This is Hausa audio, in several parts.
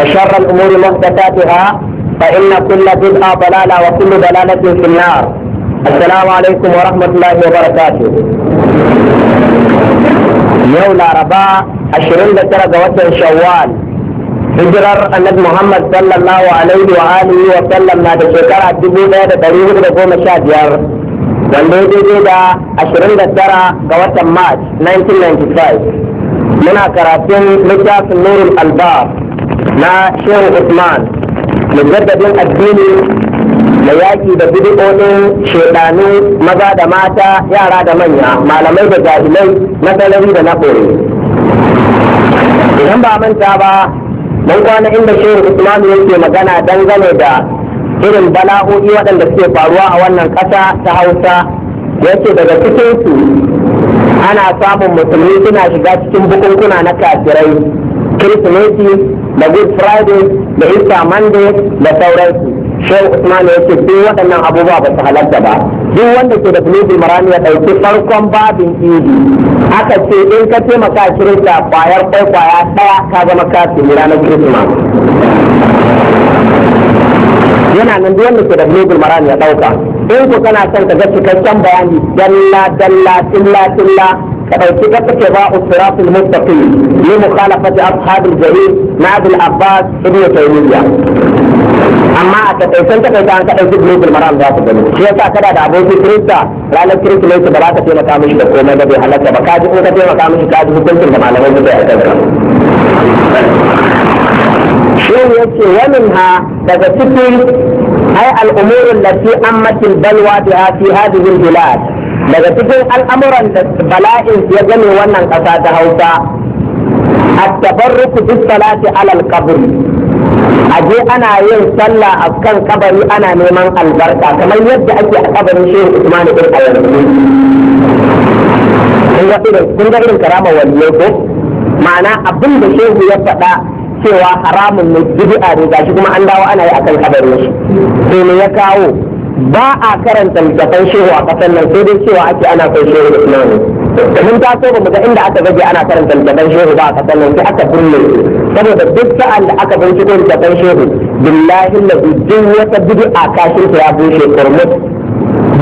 وشر الأمور محدثاتها فإن كل بدعة ضلالة وكل ضلالة في النار السلام عليكم ورحمة الله وبركاته يوم ربا عشرين لترى جوات شوال هجرر أن محمد صلى الله عليه وآله وسلم نادي شكرا جبوه دا دريه دا قوم شادير وانده دي دا عشرين لترى جوات مارس 1995 منا كراتين لتاس نور الألبار na shehu usman mujaddadin addini da yaƙi da bidi'o'in shaidanu maza da mata yara da manya malamai da jahilai na da na ɓoye idan ba manta ba mun kwana inda shehu usman yake magana dangane da irin bala'o'i waɗanda suke faruwa a wannan ƙasa ta hausa Ya ce daga cikinsu ana samun musulmi suna shiga cikin bukunkuna na kafirai kirsimeti da good friday da easter monday da sauransu shau usman ya ce duk waɗannan abubuwa ba su halatta ba duk wanda ke da fulubin marami ya ɗauki farkon babin idi aka ce in ka taimaka kirista kwayar kwai kwaya ɗaya ka zama kafin ranar kirismas yana nan duk wanda ke da global maran ya ɗauka in ku kana son ka ga cikakken bayani dalla dalla tilla tilla كبيتي اتباع الصراط المستقيم لمخالفة أصحاب الجليل مع أبي العباس ابن تيمية amma a takaitan takaita an kaɗan duk lokacin maram za ku gani shi yasa kada da abokin kirista ranar kirsimeti ba za ka taimaka mishi da komai ba bai halatta ba kaji in ka taimaka mishi kaji hukuncin da malamai suka yi a kanka shi ne yace wannan ha daga cikin ai al'umurin lati ammatil balwa biha fi hadhihi al-bilad daga cikin al'amuran da bala'in ya game wannan ƙasa ta hausa a tabarruku duk salati alal qabr aje ana yin sallah a kan kabari ana neman albarka kamar yadda ake a kabarin shehu usman ibn ayyubi kun ga irin karama waliyai ko ma'ana abin da shehu ya faɗa cewa haramun ne bid'a ne gashi kuma an dawo ana yi akan kabarin shi sai me ya kawo ba a karanta littafan shehu a kasar nan sai dai cewa ake ana kai shehu da islamu mun ta so ba mu ga inda aka gaje ana karanta littafan shehu ba a kasar nan sai aka kulle saboda duk sa'an da aka binciko littafan shehu billahi la duk wata a kashin ta ya bushe kurmus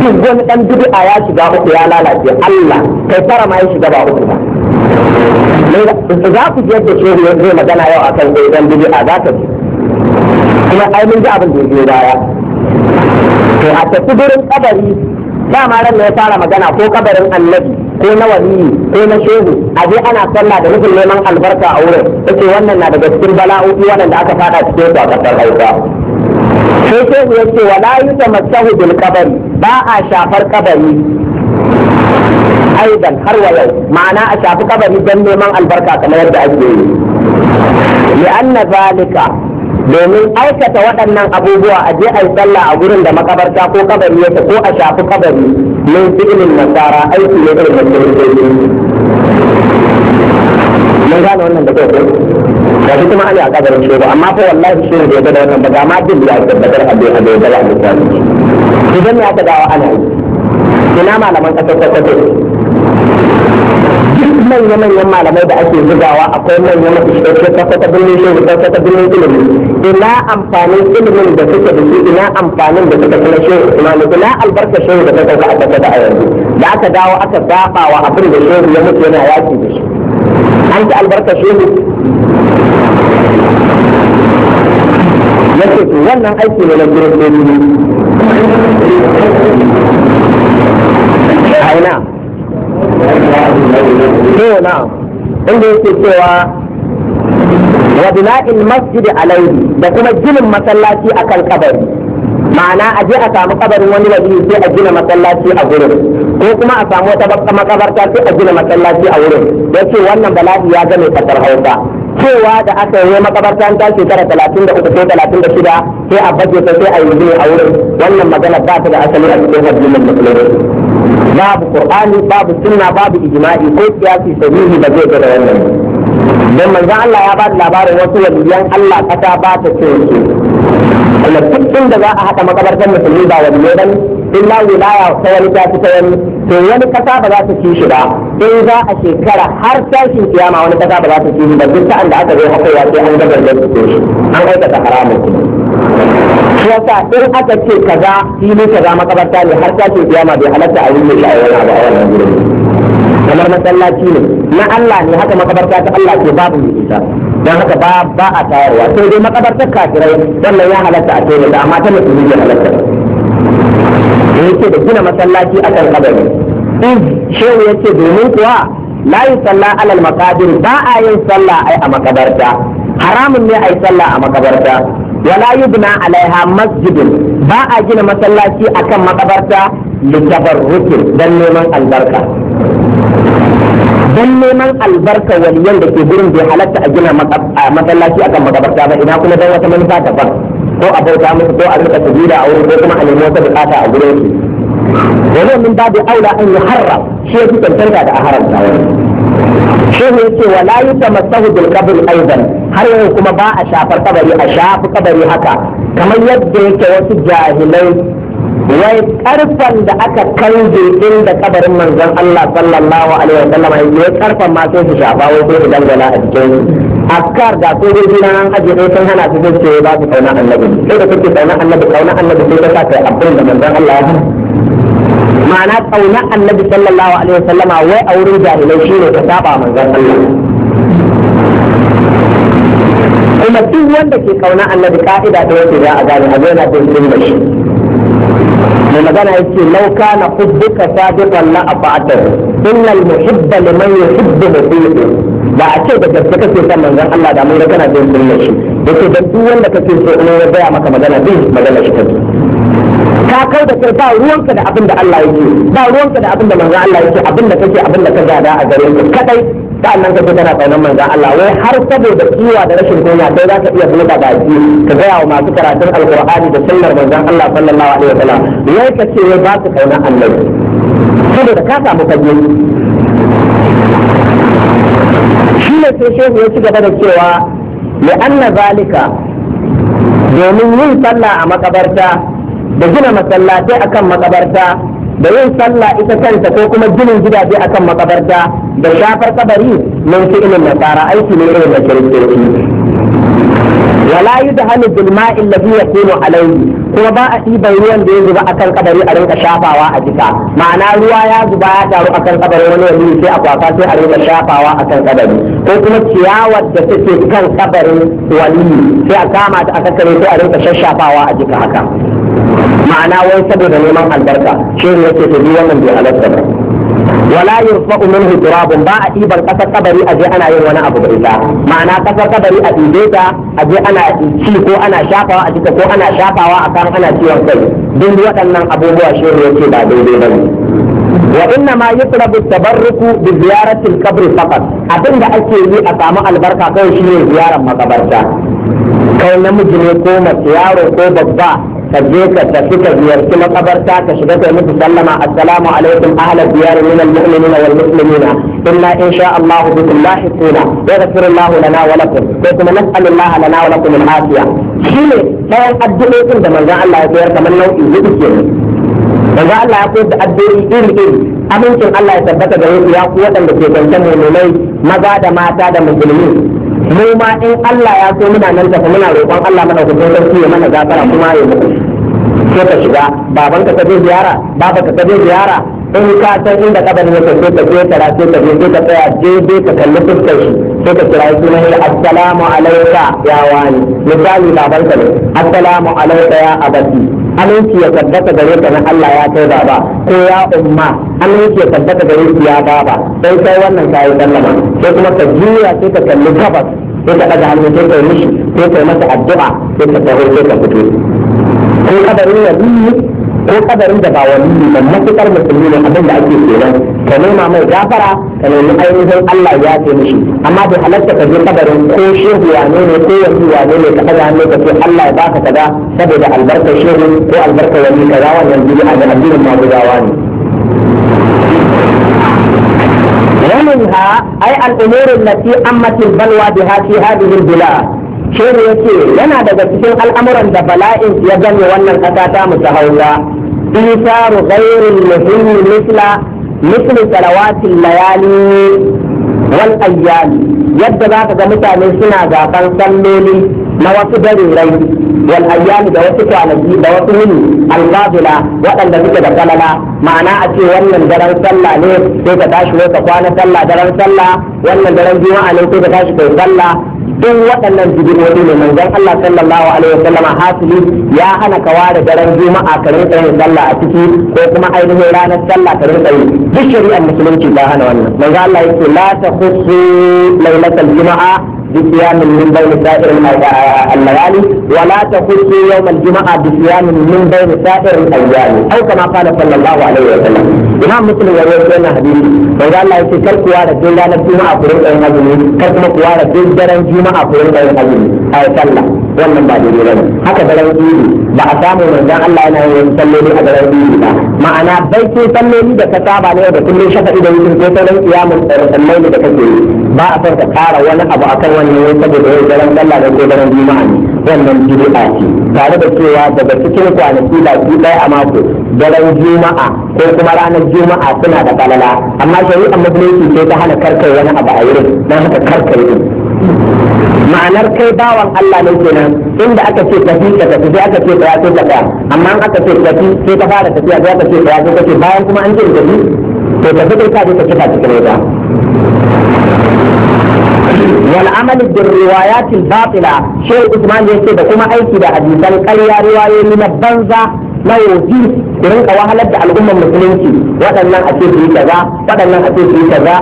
duk wani dan a ya shiga uku ya lalace Allah kai fara ma ya shiga ba uku ba za ku ji yadda shehu ya zai magana yau a kan zai dan a za ka ji kuma ai mun ji abin da ya baya to a tafi gurin kabari dama ran ya fara magana ko kabarin annabi ko na waliyi ko na shehu a je ana sallah da nufin neman albarka a wurin yace wannan na daga cikin bala'o'i waɗanda aka fada cikin su a kasar Hausa sai shehu yace wala yutamassahu bil kabari ba a shafar kabari aidan har wa yau ma'ana a shafi kabari don neman albarka kamar yadda ake yi li'anna zalika domin aikata waɗannan abubuwa a je a yi sallah a gurin da makabarta ko kabari yake ko a shafi kabari mai fi'ilin nasara aiki ne irin da kiristoci mun gane wannan da kai ga shi kuma ali a kabarin shi ba amma fa wallahi shi ne da wannan ba ga ma din ya tabbatar a bai bai da misali idan ya ta dawo ana yi ina malaman kasar kasar manya-manyan malamai da ake zugawa akwai manyan mafishirce kwata birnin shehu kwata birnin ilimi ina amfanin ilimin da suke da shi ina amfanin da suka kuma shehu usmanu ina albarka shehu da ta sauka a kasa da a yanzu da aka dawo aka zaɓa wa abin da shehu ya mutu yana yaki da shi an ta albarka shehu yake to wannan aiki ne na gidan ne a ina to na'am inda yake cewa wa bina'il masjid alaihi da kuma ginin masallaci akan kabari ma'ana a je a samu kabarin wani wali sai a gina masallaci a gurin ko kuma a samu wata makabarta sai a gina masallaci a wurin yace wannan bala'i ya game kasar hausa cewa da aka yi makabarta ta shekara talatin da uku ko talatin da shida sai a baje ta sai a yi a wurin wannan magana ba ta da asali a cikin da musulunci babu qur'ani babu sunna babu ijma'i ko kiyasi sahihi ba zai da wannan dan manzon Allah ya da labarin wasu waliyan Allah kata ba ta ce su duk inda za a haɗa makabartar musulmi ba waliyai bane illa wilaya ta wani ta fi ta wani to wani kasa ba za ta ci shi ba in za a shekara har tashin kiyama wani kasa ba za ta ci shi ba duk sa'an da aka zo haka ya sai an gabar da su an aikata haramun shi yasa in aka ce kaza fili kaza makabarta ne har tashin kiyama bai halatta a yi shi a yana ba a wannan gurin kamar masallaci ne na Allah ne haka makabarta ta Allah ke babu mai ita haka ba ba a tayarwa sai dai makabartar kafirai wannan ya halatta a taimaka amma ta musulmi ya halatta da yake da gina masallaci akan kabari iz shehu yace domin kuwa la salla alal maqabir ba a yin sallah a makabarta haramun ne a yi sallah a makabarta wala yubna alaiha masjidin ba a gina masallaci akan makabarta litabarrukin dan neman albarka dan neman albarka waliyan da ke gurin bai halatta a gina masallaci akan makabarta ba ina kuma dan wata manufa daban ko a bauta musu ko a rika sujuda a wurin ko kuma a nemi wata bukata a gurin su wani min babu aula an yi harra shi yake tantanta da a haramta wani shi ne yake wala yutamassahu bil qabr aidan har yau kuma ba a shafar kabari a shafi kabari haka kamar yadda yake wasu jahilai wai karfan da aka kange inda kabarin manzon Allah sallallahu alaihi wasallam ya karfan ma sai su shafa wai sai su dangana a jikin أذكار دا كل دينا أجي غير كان هلا في كل شيء بعد كونا النبي كيف كنت كونا النبي كونا النبي في ذلك أبدا من ذا الله معنى كونا النبي صلى الله عليه وسلم هو أوري جاهي لو شيء كتابة من ذا الله kuma duk wanda ke kauna annabi ka'ida da wace za a gane a zaina don jin da shi mai magana ya ce lauka na hudduka sadiqan la abadar innal ba a ce da gaske kake son manzon Allah da mun kana da yin shi yace da duk wanda kake so in ya baya maka magana din magana shi kake ka kai da kai ba ruwanka da abin da Allah yake ba ruwanka da abin da manzon Allah yake abin da kake abin da ka gada a gare ka kadai sa'annan ka ce kana tsaunan manzon Allah wai har saboda kiwa da rashin kunya kai za ka iya buɗa baki ka gaya wa masu karatun alqur'ani da sunnar manzon Allah sallallahu alaihi wasallam wai kace wai ba su kauna annabi saboda ka samu kaje. shi ne sai shehu ya ci gaba da cewa li anna zalika domin yin sallah a makabarta da gina masallatai akan makabarta da yin sallah ita kanta ko kuma ginin gidaje akan makabarta da shafar kabari fi ilin nasara aiki ne irin da kirkirki wala yudhalu bil ma'i alladhi yakunu alayhi kuma ba a ɗiban ruwan da ya zuba akan kabari a rinka shafawa a jika ma'ana ruwa ya zuba ya taru akan kabari wani wani sai a kwafa sai a rinka shafawa kan kabari ko kuma ciyawar da take kan kabarin wali sai a kama ta a kakkare sai a rinka shafawa a jika haka ma'ana wai saboda neman albarka shi ne yake to wannan bai halatta ba wala yurfa'u minhu turabun ba a ɗiban ƙasar kabari a je ana yin wani abu da ita ma'ana ƙasar kabari a ɗibe ta a je ana ci ko ana shafawa a jika ko ana shafawa a kan ana ciwon kai duk waɗannan abubuwa shi ne yake ba daidai ba ne wa inna ma yutrabu tabarruku bi ziyaratil kabri faqat abinda ake yi a samu albarka kawai shine ziyarar makabarta kai namiji ne ko mace yaro ko babba ka je ka tafi ka ziyarci makabarta ka shiga kai musu sallama assalamu alaikum ahlal diyar min almu'minin wal muslimina inna insha Allah bikum lahiquna yaghfir Allah lana wa lakum ko kuma nas'alullah lana wa lakum al-afiya shine bayan addu'o'in da manzon Allah ya koyar kamar nau'i hudu kenan manzon Allah ya koyar da addu'o'i iri iri amincin Allah ya tabbata da ku ya ku waɗanda ke kwancen mu'minai maza da mata da musulmi mu ma in Allah ya so muna nan tafi muna roƙon Allah madaukakin sarki ya mana gafara kuma ya mutu sai ka shiga baban ka kaje ziyara baba ka kaje ziyara in ka san inda kabarin yake sai ka je tara sai ka je sai ka tsaya daidai ka kalli fuskar shi sai ka kira sunan shi assalamu alaika ya wani misali baban ka ne assalamu alaika ya abati aminci ya tabbata gare ka na Allah ya kai baba ko ya umma aminci ya tabbata gare ki ya baba sai sai wannan kayi sallama sai kuma ka juya sai ka kalli gabas sai ka daga hannu sai ka yi mishi sai ka masa addu'a sai ka taho sai ka fito ko kabarin waliyi ko kabarin da ba waliyi ba matukar musulmi ne abin da ake kenan ka nema mai gafara ka nemi ainihin Allah ya ce mishi amma bai halatta ka je kabarin ko shehu wane ne ko yanzu wane ne ka daga hannu ka ce Allah ya baka kaza saboda albarkar shehu ko albarkar wani kaza wannan bid'a da addinin magudawa ne ومنها أي الأمور التي أمت البلوى بها في هذه البلاد Sheru ya ce yana daga cikin al'amuran da bala'in ya gane wannan ƙasa ta mu ta hausa isa ghairin muhimmi misla misli salawatin layali wal ayyam yadda za ka ga mutane suna zaɓen salloli na wasu darirai wal ayyami da wasu kwanaki da wasu yini alfadila waɗanda suke da kalala ma'ana a ce wannan daren sallah ne sai ka tashi ka kwana sallah daren sallah wannan daren juma'a ne sai ka tashi kai sallah duk waɗannan bidiyoyi ne manzon Allah sallallahu alaihi wasallama hasili ya hana ka ware daren juma'a ka rinka yin sallah a ciki ko kuma ainihin ranar sallah ka rinka yi duk shari'ar musulunci ta hana wannan manzon Allah yake la takhussu lailatul juma'a بصيام من بين سائر الليالي ولا تخشوا يوم الجمعة بصيام من بين سائر الأيام أو كما قال صلى الله عليه وسلم إمام مسلم يقول لنا حديث فإذا الله يتكل قوارة جلالة الجمعة قرن أي في كثم قوارة جلالة الجمعة قرن أي مجمع أي كلا ومن بعد يقولون هكذا لو يجيب بأسامه من جاء الله أنه يصلي لي هذا لو يجيب معنا بيت يصلي لي بكتاب عليه بكل شفع إذا يجيب كتاب عليه قيام الليل بكتاب ما أفرت ولا أبو wannan wai saboda yau daren sallah da ko daren juma'a ne wannan a ce tare da cewa daga cikin kwanaki su ɗaya a mako daren juma'a ko kuma ranar juma'a suna da balala amma shari'ar musulunci ce ta hana karkai wani abu a wurin don haka karkai ne ma'anar kai bawan Allah ne kenan inda aka ce tafi ka tafi sai aka ce ka yaso ka tsaya amma in aka ce tafi sai ka fara tafiya sai aka ce ka yaso ka ce bayan kuma an ce tafi to tafi kai ka ce ka kifa cikin wuta wal amal bil riwayat al batila shehu usman yace da kuma aiki da hadisan karya riwayoyi na banza na yoji ku rinka wahalar da al'ummar musulunci waɗannan a ce su kaza waɗannan a ce su yi kaza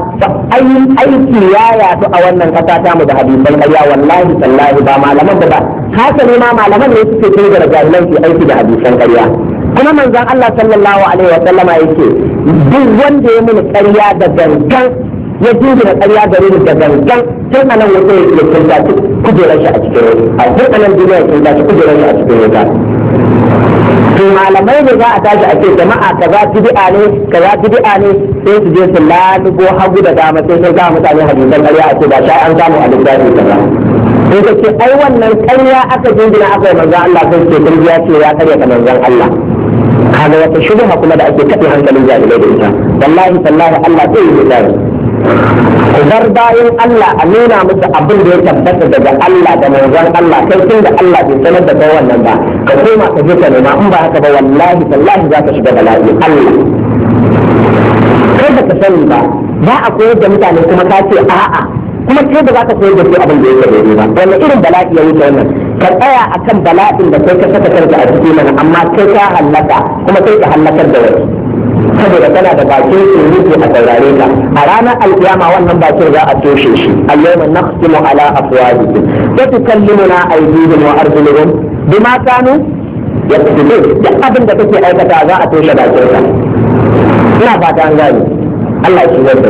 aiki ya yaɗu a wannan ƙasa ta mu da hadisan ƙarya wallahi tallahi ba malaman ba hasali ma malaman ne suke kai da jahilan aiki da hadisan kuma manzon Allah sallallahu alaihi wa sallama yake duk wanda ya mun ƙarya da gangan ya jingina ƙarya gare ni da gangan tun anan wata ya ke kinta kujerar shi a cikin wuta tun anan duniya ya dace kujerar shi a cikin wuta to malamai ne za a tashi a ce jama'a kaza bid'a ne kaza bid'a ne sai su je su lalugo hagu da dama sai sun gama mutane hadisan ƙarya a ce ba sha an samu a littafi kaza sai ka ce ai wannan ƙarya aka jingina aka yi manzon Allah sai ce ya ce ya karya ka manzon Allah kaga wata shubha kuma da ake kaɗe hankalin jahilai da ita wallahi tallahi Allah zai yi misali ku bayan Allah a nuna musu abin da ya tabbata daga Allah da manzon Allah kai tun da Allah bai sanar da kai wannan ba ka koma ka je ka nema in ba haka ba wallahi tallahi za ka shiga bala'i Allah kai ba ka sani ba ba a koyar da mutane kuma ka ce a'a kuma kai ba za ka koyar da su abin da yake daidai ba wannan irin bala'i ya wuce wannan ka tsaya akan bala'in da kai ka saka kanka a cikin mana amma kai ka hallaka kuma kai ka hallakar da wasu saboda kana da bakin surutu a saurare ka a ranar alkiyama wannan bakin za a toshe shi al-yawma naqsimu ala afwahihim wa tukallimuna aydihim wa arjuluhum bima kanu yaqtulun duk abin da kake aikata za a toshe bakin ka ina fata an gani. Allah shi wanda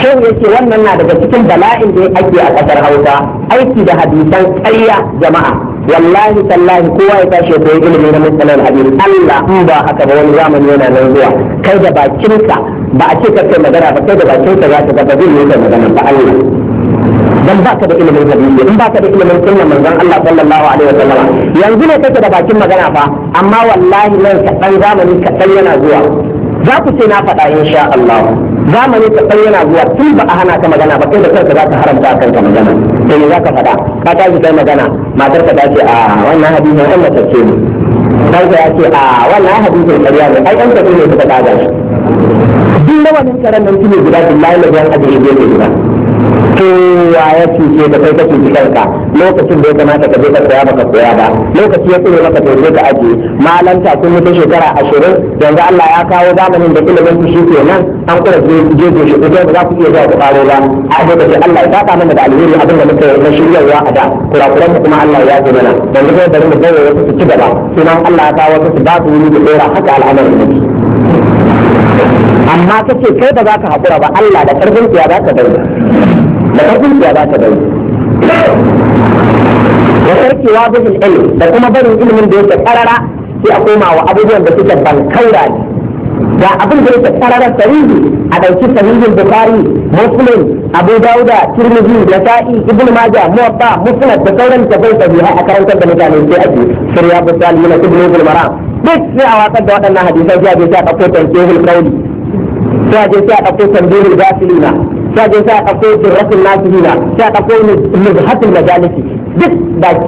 shin yake wannan na daga cikin bala'in da ake a kasar Hausa aiki da hadisan ƙarya jama'a wallahi tallahi kowa ya tashi ya koyi ilimi na matsalar hadisi Allah in ba haka ba wani zamani yana nan zuwa kai da bakin ka. ba a ce kai magana ba kai da bakin ka za ka ga ba zai yi kai magana ba Allah dan ba ka da ilimin hadisi in ba ka da ilimin sunnar manzon Allah sallallahu alaihi wasallam yanzu ne kake da bakin magana fa amma wallahi nan kaɗan zamani kaɗan yana zuwa za ku ce na faɗa insha Allah zamani ta san yana zuwa tun ba a hana ka magana ba kai da kanka za ka haramta a kanka magana sai ne za ka faɗa ka tashi kai magana matar ka ce a wannan hadisi an mace ce ne kanka ya ce a wannan hadisin kariya ne ai an tafi ne suka kaga shi duk rawanin karen nan kine ne guda billahi da zan ajiye gefe guda kowa ya cuce da kai ka cuci kanka lokacin da ya kamata ka je ka saya baka koya ba lokaci ya kuma maka sai ka aje malanta sun mutu shekara ashirin yanzu Allah ya kawo zamanin da ilimin ku shi ke nan an kura je je shi idan za ku iya zuwa ku karo ba a lokacin Allah ya saka mana da alheri abin da muka na shiryarwa a da kurakuran kuma Allah ya ji mana yanzu kai bari mu wasu su ci gaba sunan Allah ya kawo su ba su yi da tsora haka al'amarin ne amma ka ce kai ba za ka haƙura ba Allah da ƙarfin ya za ka bai da ƙarfin ya za ka bai da sarkewa bihil ilmi da kuma barin ilimin da yake ƙarara, sai a koma wa abubuwan da suke bankaura ne ga abin da yake ƙarara, sahihi a ɗauki sahihin bukari muslim abu dauda tirmidhi sa'i ibnu maja muwatta da sauran da bai sahiha a karantar da mutane sai a ce shirya na ibnu maram duk sai a watsar da waɗannan hadisai sai a je sai a ɗauko tanjihul kauli sai a je sai a ɗauko tanjihul gasilina sai a je sai a ɗauko jirratul nasirina sai a ɗauko nuzhatul majalisi duk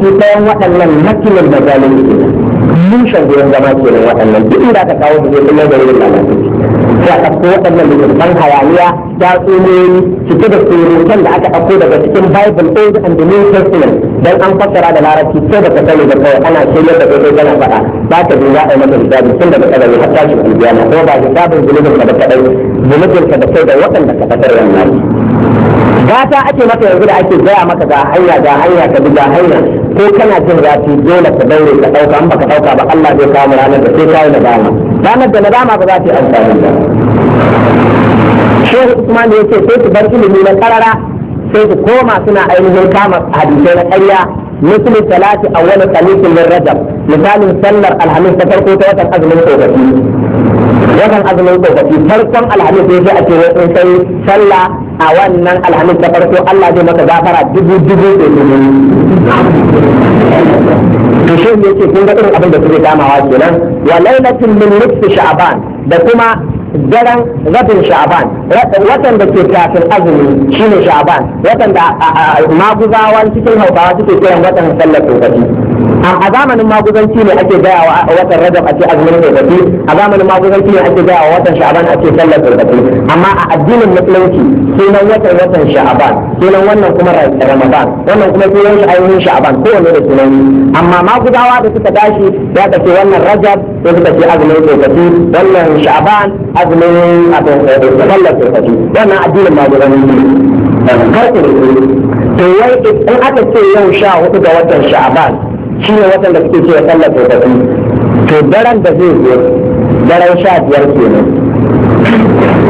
ke ɗayan waɗannan hakimul majalisi solution da yan zama ke da waɗannan duk inda aka kawo su kuma da yin lalata ya ɗauko waɗannan littattafan hayaniya da tsumoyi cike da surutan da aka ɗauko daga cikin bible old and the new testament dan an fassara da larabci sai da ka sani da kawai ana shirya da kai kana faɗa ba ta duba a mata hisabi tun daga kadari har tashi alƙiyama ko ba hisabin zunubin ka da kadai zunubin ka da kai da waɗanda ka fatar wannan gata ake maka yanzu da ake gaya maka ga hanya ga hanya ka bi ga hanya ko kana jin zafi dole ka daure ka dauka an baka dauka ba Allah zai kawo ranar da sai kawo nadama ranar da nadama ba za ta yi amfani ba shi kuma ne yake sai ku bar ilimi na karara sai ku koma suna ainihin kama hadisai na ƙarya مثل الثلاث أول خميس من رجب مثال سلر الحميس تفرقوا توتر أزمن توتر وكان أزمن tsofaffi farkon alhamis يجي sai a ce wai a wannan alhamis da farko Allah zai maka gafara dubu dubu da dubu to shi ne yake kun ga irin abin da suke damawa kenan wa lailatul min nisfi sha'ban da kuma daren rabin sha'ban watan da ke kafin azumi shine sha'ban watan da maguzawan cikin hausawa suke kiran watan sallar tsofaffi a zamanin maguzanci ne ake gaya wa watan rajab ake azumin tsofaffi a zamanin maguzanci ne ake gaya wa watan sha'aban ake sallar tsofaffi amma a addinin musulunci sunan watan watan sha'aban sunan wannan kuma ramadan wannan kuma sunan shi ainihin sha'aban kowanne da sunan amma maguzawa da suka tashi ya ce wannan rajab sai suka ce azumin tsofaffi wannan sha'aban azumin sallar tsofaffi wannan addinin maguzanci ne karfe to wai in aka ce yau sha hudu ga watan sha'aban shi ne waɗanda suke cewa sallar tsofaffi to daren da zai zo daren sha biyar kenan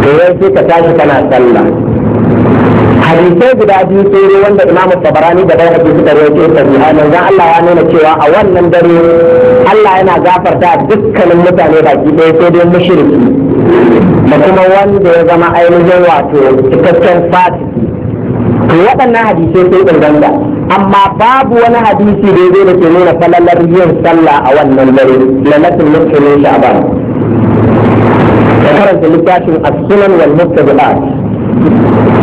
to yau sai ka tashi kana sallah hadisai guda biyu tsoro wanda imamu tabarani da bai hadisi da rawaito ta biya. a manzon Allah ya nuna cewa a wannan dare Allah yana gafarta dukkanin mutane baki ɗaya sai dai mushriki da kuma wanda ya zama ainihin wato cikakken fati to waɗannan hadisai sai inganta amma babu wani hadisi da zai da ke nuna falalar yin sallah a wannan dare lalatin mutumin sha'ban da karanta littafin as-sunan wal muttabi'at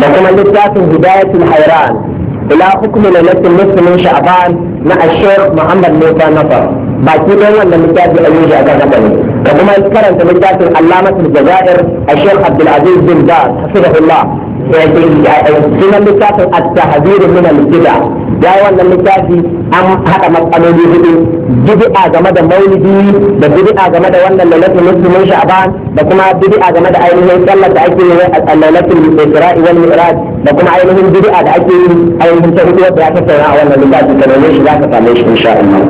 da kuma littafin hidayatul hayran ila hukmi lalatin mutumin sha'ban na ash-shaykh Muhammad Musa Nafar baki don wannan littafin a yi shaka kasa ne da kuma karanta littafin allamatul jazair ash-shaykh Abdul Aziz bin Baz hafizahullah sunan littafin at-tahzir min al-bid'a ya wannan littafi an hada matsaloli hudu bid'a game da maulidi da bid'a game da wannan lalatul muslimin sha'ban da kuma bid'a game da ainihin sallar da ake yi a lalatul isra'i wal mi'raj da kuma ainihin bid'a da ake yi ainihin ta hudu da aka tsara a wannan littafi ka nemi shi zaka same shi insha Allah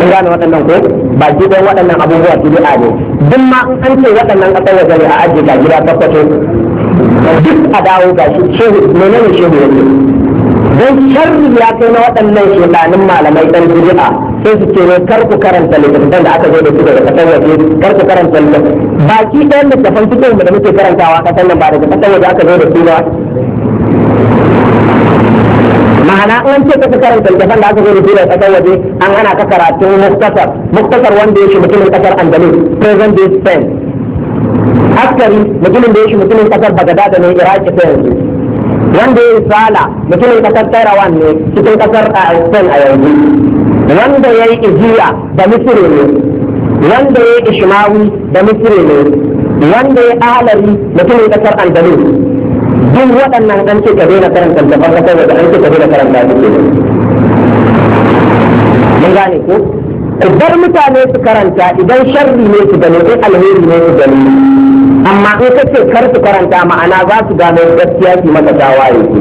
mun gane waɗannan ko ba ki waɗannan abubuwa bid'a ne duk ma an ce waɗannan kasar waje ne a ajiye ka gida tabbato duk a dawo ga shi shehu menene shehu yake don sharri ya kai na waɗannan shedanin malamai dan jiri'a sai su ce ne kar ku karanta littattafan da aka zo da su daga kasar waje kar ku karanta littattafan baki ɗayan littattafan cikin da muke karantawa kasar nan ba daga kasar waje aka zo da su ba ma'ana an ce kasa karanta littafin da aka zo da daga kasar waje an ana ka karatun muktasar muktasar wanda ya shi mutumin kasar andalus present day spain askari mutumin da ya shi mutumin kasar bagada da ne iraki ta yanzu wanda ya sala mutumin kasar tairawan ne cikin kasar spain a yanzu wanda ya yi ijiya da misiri ne wanda ya yi ishimawi da misiri ne wanda ya alari mutumin kasar andalus duk waɗannan an ce ka daina karanta da farko da an ce ka daina karanta su ne mun gane ko ku bar mutane su karanta idan sharri ne su gani in alheri ne su gani amma in ka ce kar su karanta ma'ana za su gano gaskiya su maka tawaye su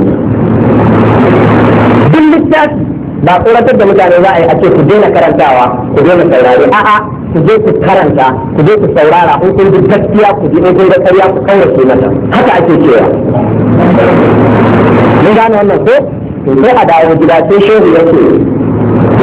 duk littafi ba tsoratar da mutane za a yi a ce ku daina karantawa ku daina saurari a'a ku je ku karanta ku je ku saurara in kun ji gaskiya ku ji in kun ga ƙarya ku kaurace mata haka ake cewa mun gane wannan ko to sai a dawo gida sai shehu ce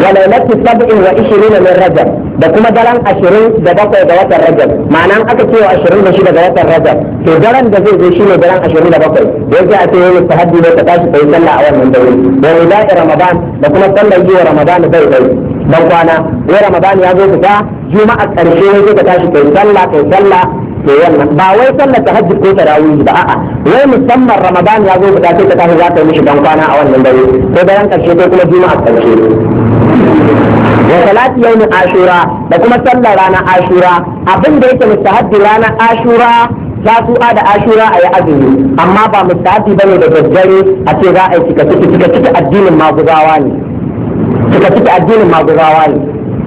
وليلة سبع وعشرين من رجب da kuma daren ashirin da bakwai ga watan rajab ma'ana aka ce wa ashirin da shida ga watan rajab to daren da zai zo ne daren ashirin da bakwai da yake a ce yau tahaddi ta tashi ta yi sallah a wannan dare da wila'i ramadan da kuma sallar jiya ramadan zai bai dan kwana wai ramadan ya zo fita juma'a karshe ne zai ka tashi kai sallah kai sallah ke wannan ba wai sallar tahajji ko tarawih ba a'a wai musamman ramadan ya zo guda sai ta tafi za ka yi mishi dan kwana a wannan dare ko bayan karshe ko kuma juma'a karshe wa salati yawmin ashura da kuma sallar ranar ashura abin da yake mustahabbi ranar ashura tasu'a da ashura a yi azumi amma ba mustahabbi bane da daddare a ce za a yi cika ciki cika ciki addinin maguzawa ne cika ciki addinin maguzawa ne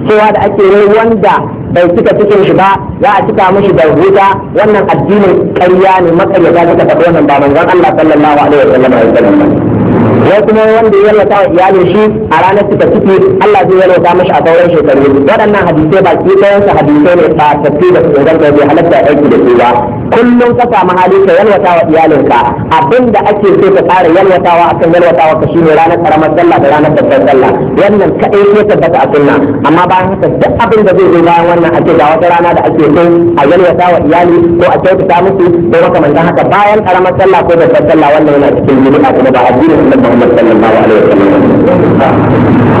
cewa da ake yi wanda bai cika cikin shi ba za a cika mishi da wuta wannan addinin ƙarya ne matsayi za ka faɗi wannan ba manzon Allah sallallahu alaihi wa sallam ya wai kuma wanda ya yalwata wa iyalin shi a ranar cika ciki Allah zai yalwata mashi a sauran shekaru waɗannan hadisai ba ki ɗayan su hadisai ne ba tafi da su inganta bai halatta aiki da su ba kullum ka samu hali ka yalwata wa iyalinka abinda ake so ka tsara yalwatawa akan yalwatawa ka ne ranar karamar sallah da ranar babbar sallah wannan kaɗai ne tabbata a sunna amma bayan haka duk abin da zai zo bayan wannan ake ga wata rana da ake so a yalwata wa iyali ko a kyautata musu ko makamantan haka bayan karamar sallah ko babbar sallah wannan yana cikin jini a kuma ba Muhammad sallallahu alaihi wasallam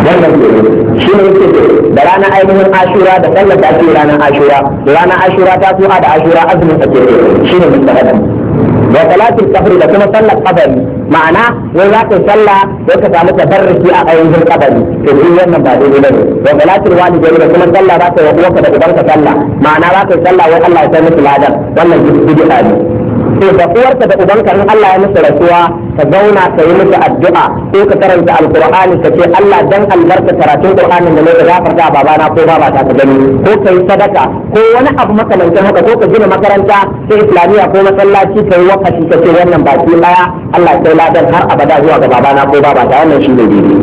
wannan ke shi ne yake da rana ainihin Ashura da sallar da ake ranar Ashura rana Ashura ta tuha da Ashura azumin ake shi ne mustahab wa salatul kafir da kuma sallar kabari ma'ana wai za ka salla wai ka samu tabarruki a ainihin kabari to duk wannan ba daidai bane wa salatul walidai da kuma sallah za ka yi uwarka da ubanka sallah ma'ana za ka yi sallah wai Allah ya san musu ladan wannan duk bid'a ne to da uwarka da ubanka in Allah ya musu rasuwa ka zauna ka yi masa addu'a ko ka karanta alqur'ani ka ce Allah dan albarka karatun qur'anin da ne da gafarta babana ko babata ta gani ko ka yi sadaka ko wani abu makamancin haka ko ka gina makaranta ta islamiyya ko masallaci ka yi wakati ka ce wannan baki daya Allah sai ladan har abada zuwa ga babana ko babata wannan shi ne daidai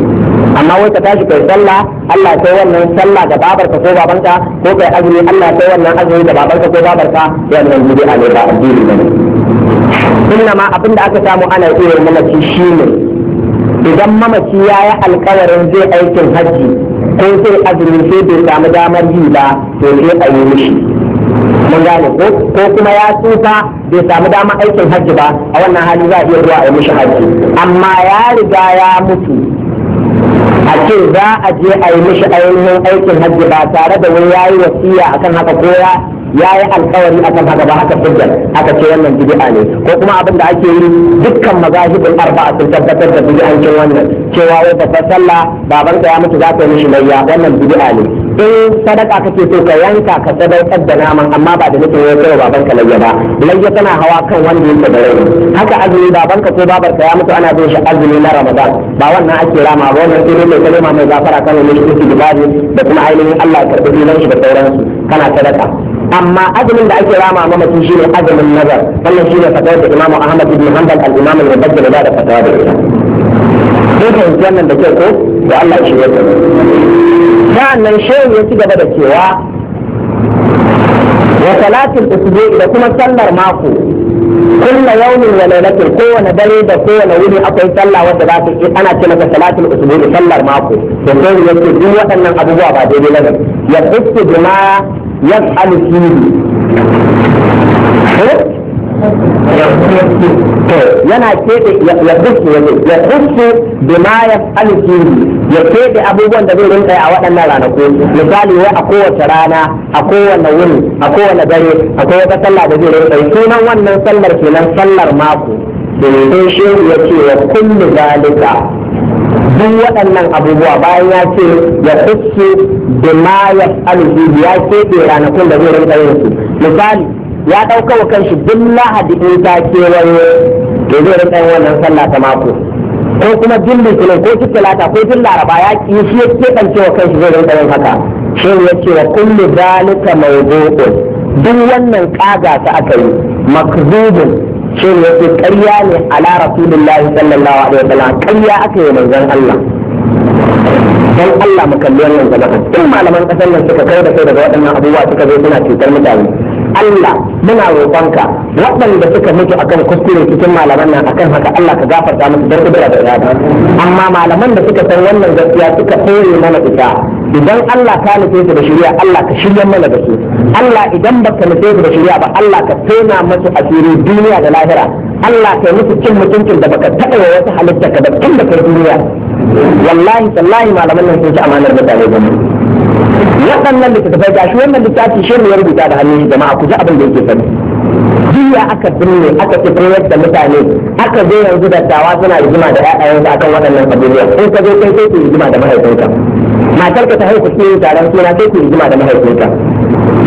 amma wai ka tashi kai sallah Allah sai wannan sallah da babarka ko babanka ko kai azumi Allah sai wannan azumi da babarka ko babarka wannan bid'a ne ba addini ne inna ma abin da aka samu ana iya mamaci ne, idan mamaci ya yi alkawarin zai aikin hajji ko zai azumi sai bai samu damar yi ba to sai a yi mishi mun gane ko ko kuma ya tsufa bai samu damar aikin hajji ba a wannan hali za a iya zuwa a yi mishi hajji amma ya riga ya mutu a ce za a je a yi mishi ainihin aikin hajji ba tare da wani ya yi wasiya akan haka ko ya ya yi alkawari akan haka ba haka fidda aka ce wannan bid'a ne ko kuma abin da ake yi dukkan mazahibul arba'a sun tabbatar da bid'ancin wannan cewa wai ta sallah baban ka ya mutu za ka yi mishi layya wannan bid'a ne in sadaka kake so ka yanka ka sadaukar da naman amma ba da nufin kawai baban ka layya ba layya tana hawa kan wanda yake da rai haka azumi baban ka ko babar ka ya mutu ana bin shi azumi na ramadan ba wannan ake rama ba wannan sai mai kalma mai zafara kan wani shi da kuma ainihin Allah ya karbi ilan shi da sauransu kana sadaka amma azumin da ake rama ma mutum shine azumin nazar wannan shine fatawar da Imam Ahmad ibn Hanbal al-Imam al-Mubaddal da da fatawa da ita sai ka yanzu wannan da kyau ko da Allah shi ya tsare sa'annan shehu ya ci gaba da cewa wa salatul usbu'i da kuma sallar mako kulla yawmin wa lailatin kowane dare da kowane wuri akwai sallah wadda za ta ana ce maka salatul usbu'i sallar mako to sai yake duk waɗannan abubuwa ba daidai ba ya fitu bima يسأل فيه eh? eh, yana keɓe ya dusu ya dusu da ma ya alkiri ya keɓe abubuwan da zai rinka a waɗannan ranaku misali wai a kowace rana a kowane wuri, a kowane dare akwai wata sallah da zai rinka sunan wannan sallar kenan sallar mako sai shehu ya ce wa kullu zalika duk waɗannan abubuwa bayan ya ce ya kusu da ma ya alhibi ya keɓe ranakun da zai rinka yin su misali ya ɗauka wa kanshi duk lahadi in ta kewaye da zai rinka yin wannan sallah ta mako ko kuma duk litinin ko duk talata ko duk laraba ya yi shi ya keɓance wa kanshi zai rinka yin haka shi ya ce wa kullu zalika mawdu'un duk wannan ƙaga ta aka yi makzubin shi ne yake ƙarya ne ala rasulullahi sallallahu alaihi wasallam ƙarya aka yi manzon Allah dan Allah mu kalli wannan jama'a in malaman kasar nan suka kai da kai daga waɗannan abubuwa suka zo suna cutar mutane Allah muna roƙonka waɗanda suka mutu akan kuskure cikin malaman nan akan haka Allah ka gafarta musu dan kudura da irada amma malaman da suka san wannan gaskiya suka tsore mana ita idan Allah ka nufe da shari'a Allah ka shirya mana da su Allah idan ba ka nufe da shari'a ba Allah ka tona masu asiri duniya da lahira Allah ka yi musu cin mutuncin da baka taɓa wa wata halitta ka da tun da kai duniya wallahi tallahi malaman nan sun ci amanar mutane da mu waɗannan littattafai shi wannan littafi shi ne ya rubuta da hannun jama'a ku ji abin da yake sani jiya aka binne aka ci tafiyar da mutane aka zo yanzu da dawa suna rigima da 'ya'yansu akan waɗannan abubuwa in ka zo kai sai ku rigima da mahaifinka matar ka ta haihu cikin taron suna sai ku rigima da mahaifinka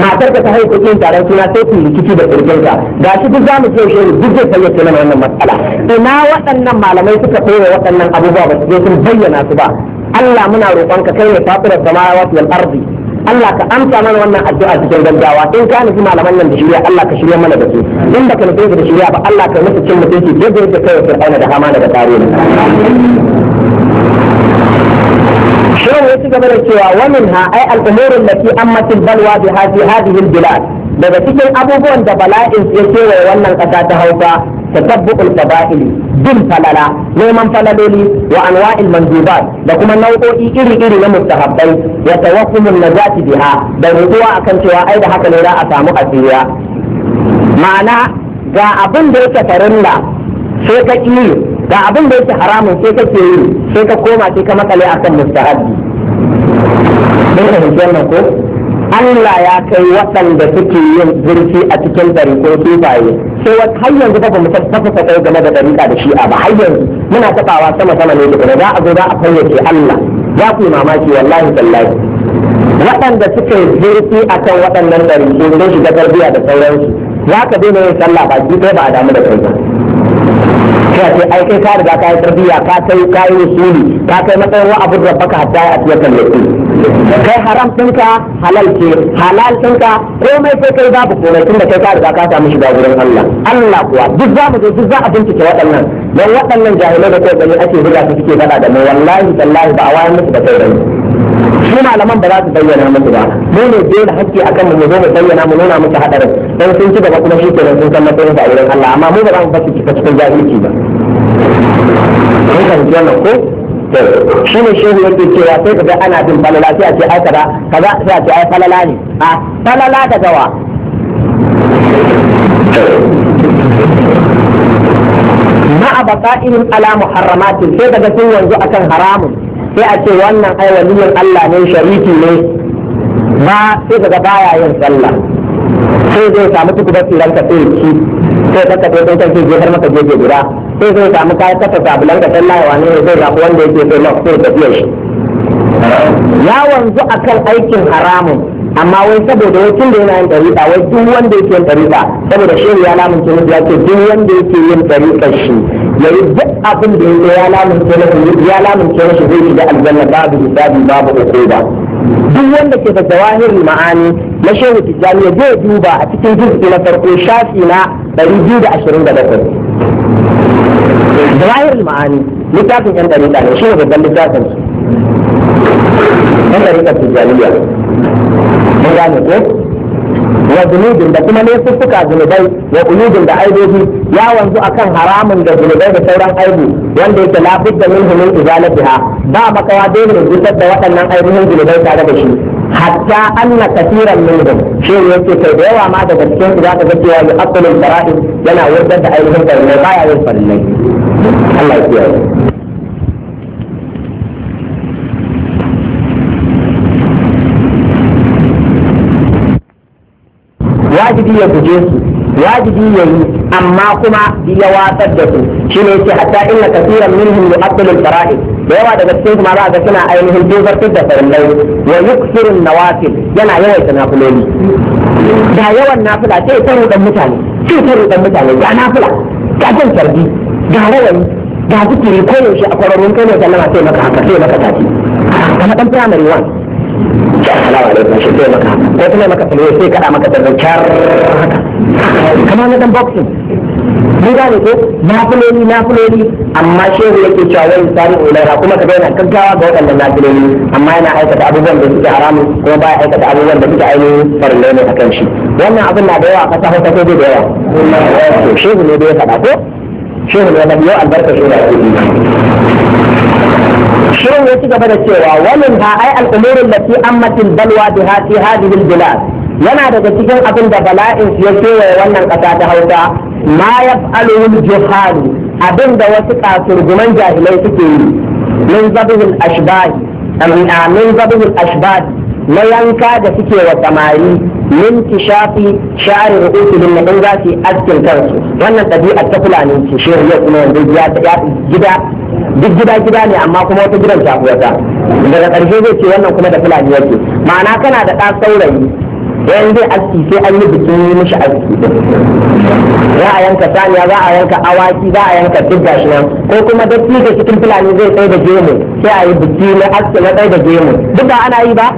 matar ka ta haihu cikin taron suna sai ku rikici da kirkinka ga shi duk zamu ce shi duk zai fayyace mana wannan matsala ina waɗannan malamai suka koya waɗannan abubuwa ba su je sun bayyana su ba Allah muna roƙonka kai ne fatirar samawati wal ardi Allah ka amsa mana wannan addu'a cikin gaggawa in ka nufi malaman nan da shirya Allah ka shirya mana da su in da ka nufi da shirya ba Allah ka musu cin mutunci da da kai fir'auna da amana da tarihi. shehu ya ci gaba da cewa wamin ha ai al'umurin da fi ammatin balwa bi hafi hadihin bilad daga cikin abubuwan da bala'in ya kewaye wannan ƙasa ta hausa ta tabbukul fada'ili bin falala neman falaloli wa anwa'il manzubat da kuma nau'o'i iri-iri na mustahabbai ya tawakkumun najati biha da rubuwa akan cewa ai da haka ne za a samu asiriya ma'ana ga abin da yake farilla sai ka ƙi da abin da yake haramun sai kake yi sai ka koma sai ka makale akan mustahabbi mun fahimci wannan ko Allah ya kai waɗanda suke yin zurfi a cikin ko sufaye sai wata har yanzu ba mu tafasa kai game da ɗarika da shi'a ba har yanzu muna taɓawa sama sama ne da za a zo za a fayyace Allah za ku mamaki wallahi tallahi waɗanda suka zurfi a kan waɗannan ɗariko don shiga tarbiyya da sauransu za ka daina yin sallah baki ɗaya ba a damu da kai ba sai ce ai kai ka riga ka yi tarbiyya ka kai ka yi usuli ka kai matsayin wa abu da baka da ya tiya kallafi kai haram ɗinka halal ce halal ɗinka komai sai kai babu komai tunda kai ka riga ka samu shiga gurin Allah Allah kuwa duk za mu je duk za a bincike waɗannan dan waɗannan jahilai da kai gani ake buga su suke faɗa da mu wallahi tallahi ba a wayar musu da kai gani malaman ba za su bayyana musu ba mu ne dole hakki akan mu zo mu bayyana mu nuna musu hadarin dan sun ci gaba kuma shi kenan sun san matsayin da wurin Allah amma mu ba za mu fasu cika cikin jahilci ba kai kan ji ko shi ne shi ne yake cewa sai kaga ana bin falala sai a ce ai kaza kaza sai a ce ai falala ne a falala da gawa ma'a baka'in ala muharramatin sai daga sun yanzu akan haramun sai a ce wannan ai waliyin Allah ne shariki ne ba sai daga baya yin sallah sai zai samu da tsiran ka sai ki sai ka tafi sai kake jefar maka gefe guda sai zai samu kayan kafa sabulan ka sallah ya wani zai ga wanda yake sai mafi sai da shi ya wanzu akan aikin haramun amma wai saboda wakil da yana yin ɗariƙa wai duk wanda yake yin ɗariƙa saboda shehu ya lamunce musu ya ce duk wanda yake yin ɗariƙa shi ya yi duk abin da yake ya lamunce musu ya lamunce musu zai shiga aljanna babu hisabi babu uku ba. duk wanda ke da jawahirul ma'ani na shehu tijjani zai duba a cikin juz'i na farko shafi na ɗari biyu da ashirin da bakwai jawahirul ma'ani littafin yan ɗariƙa ne shi ne babban littafin su. yan ɗariƙar tijjaniya mun gane ko wa zunubin da kuma ne suka zunubai wa ulubin da aibobi ya wanzu akan haramun da zunubai da sauran aibu wanda yake mai min humin izalatiha ba makawa dole ne gutar da waɗannan aibuhin zunubai tare da shi hatta anna kafiran minhum shi ne yake kai da yawa ma da cikin su ka ga cewa ya fara'id yana wurdar da ainihin ba baya yin farillai Allah ya kiyaye wajibi ya guje su wajibi ya yi amma kuma ya watsar da su shine yake hatta inna kasiran minhum al fara'id da yawa daga cikin kuma za a ga suna ainihin dozartar da farillai wa yukthiru an nawafil yana yawaita nafiloli da yawan nafila sai ta rudan mutane sai ta rudan mutane ga nafila ga jin sarbi ga rawani ga zikiri koyaushe a kwararrun kai ne sallama sai maka haka sai maka tafi kamar dan primary one ce assalamu alaikum shi sai maka ko kuma maka sai kada maka da kamar na dan boxing mun gane ko nafiloli nafiloli amma shehu yake cewa wani sari ulaiha kuma ka daina gaggawa ga na nafiloli amma yana aikata abubuwan da suke haramu kuma baya aikata abubuwan da suke ainihin farallai ne akan shi wannan abin na da yawa fasahohi da yawa shehu ne da ya faɗa ko shehu ya bari yau albarka shehu ake yi shehu ya ci gaba da cewa walin ha ai al'umurin lati ammatin balwa biha fi hadhihi albilad yana daga cikin abin da bala'in ya kewaye wannan ƙasa ta hausa ma yaf'alu juhalu abin da wasu kasurguman jahilai suke yi min zabihil ashbahi min zabihil ashbahi na yanka da suke wa samari min kishafi share rukunin na dan za su askin kansu wannan ɗabi'a ta fulani ce shari'a kuma yanzu gida duk gida gida ne amma kuma wata gidan ta wata daga ƙarshe zai ce wannan kuma da fulani yake ma'ana kana da ɗan saurayi yan zai aski sai an yi bikin yi mishi aski za a yanka saniya za a yanka awaki za a yanka duk gashi nan ko kuma da cikin fulani zai tsaye da gemu sai a yi biki na aski na tsaye da gemu duk ba ana yi ba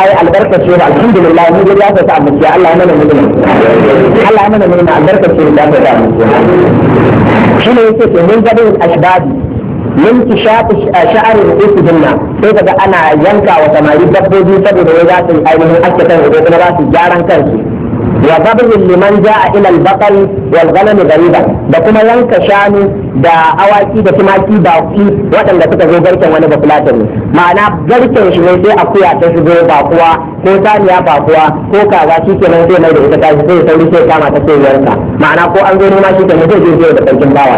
ai albarkar ce da alhamdulillah ni dai ya ta samu ya Allah ya mana mutum Allah ya mana mutum albarkar ce da ta samu shi ne yake ce mun gado ashbabi min tishafi sha'ar rubutu dinna sai kaga ana yanka wa samari dabbobi saboda ya za su yi ainihin ake kan ko kuma za su gyaran kansu wa zabihin liman ja'a a ilal bakal wal da kuma yanka shanu da awaki da tumaki ku waɗanda suka zo garken wani ne ma'ana garken shi ne sai akuya ta shigo bakuwa ko saniya kuwa ko kaza shi kenan zai mai da ita tashi sai sauri sai kama ta sai yanka ma'ana ko an zo nema shi kenan zai je da sarkin bawa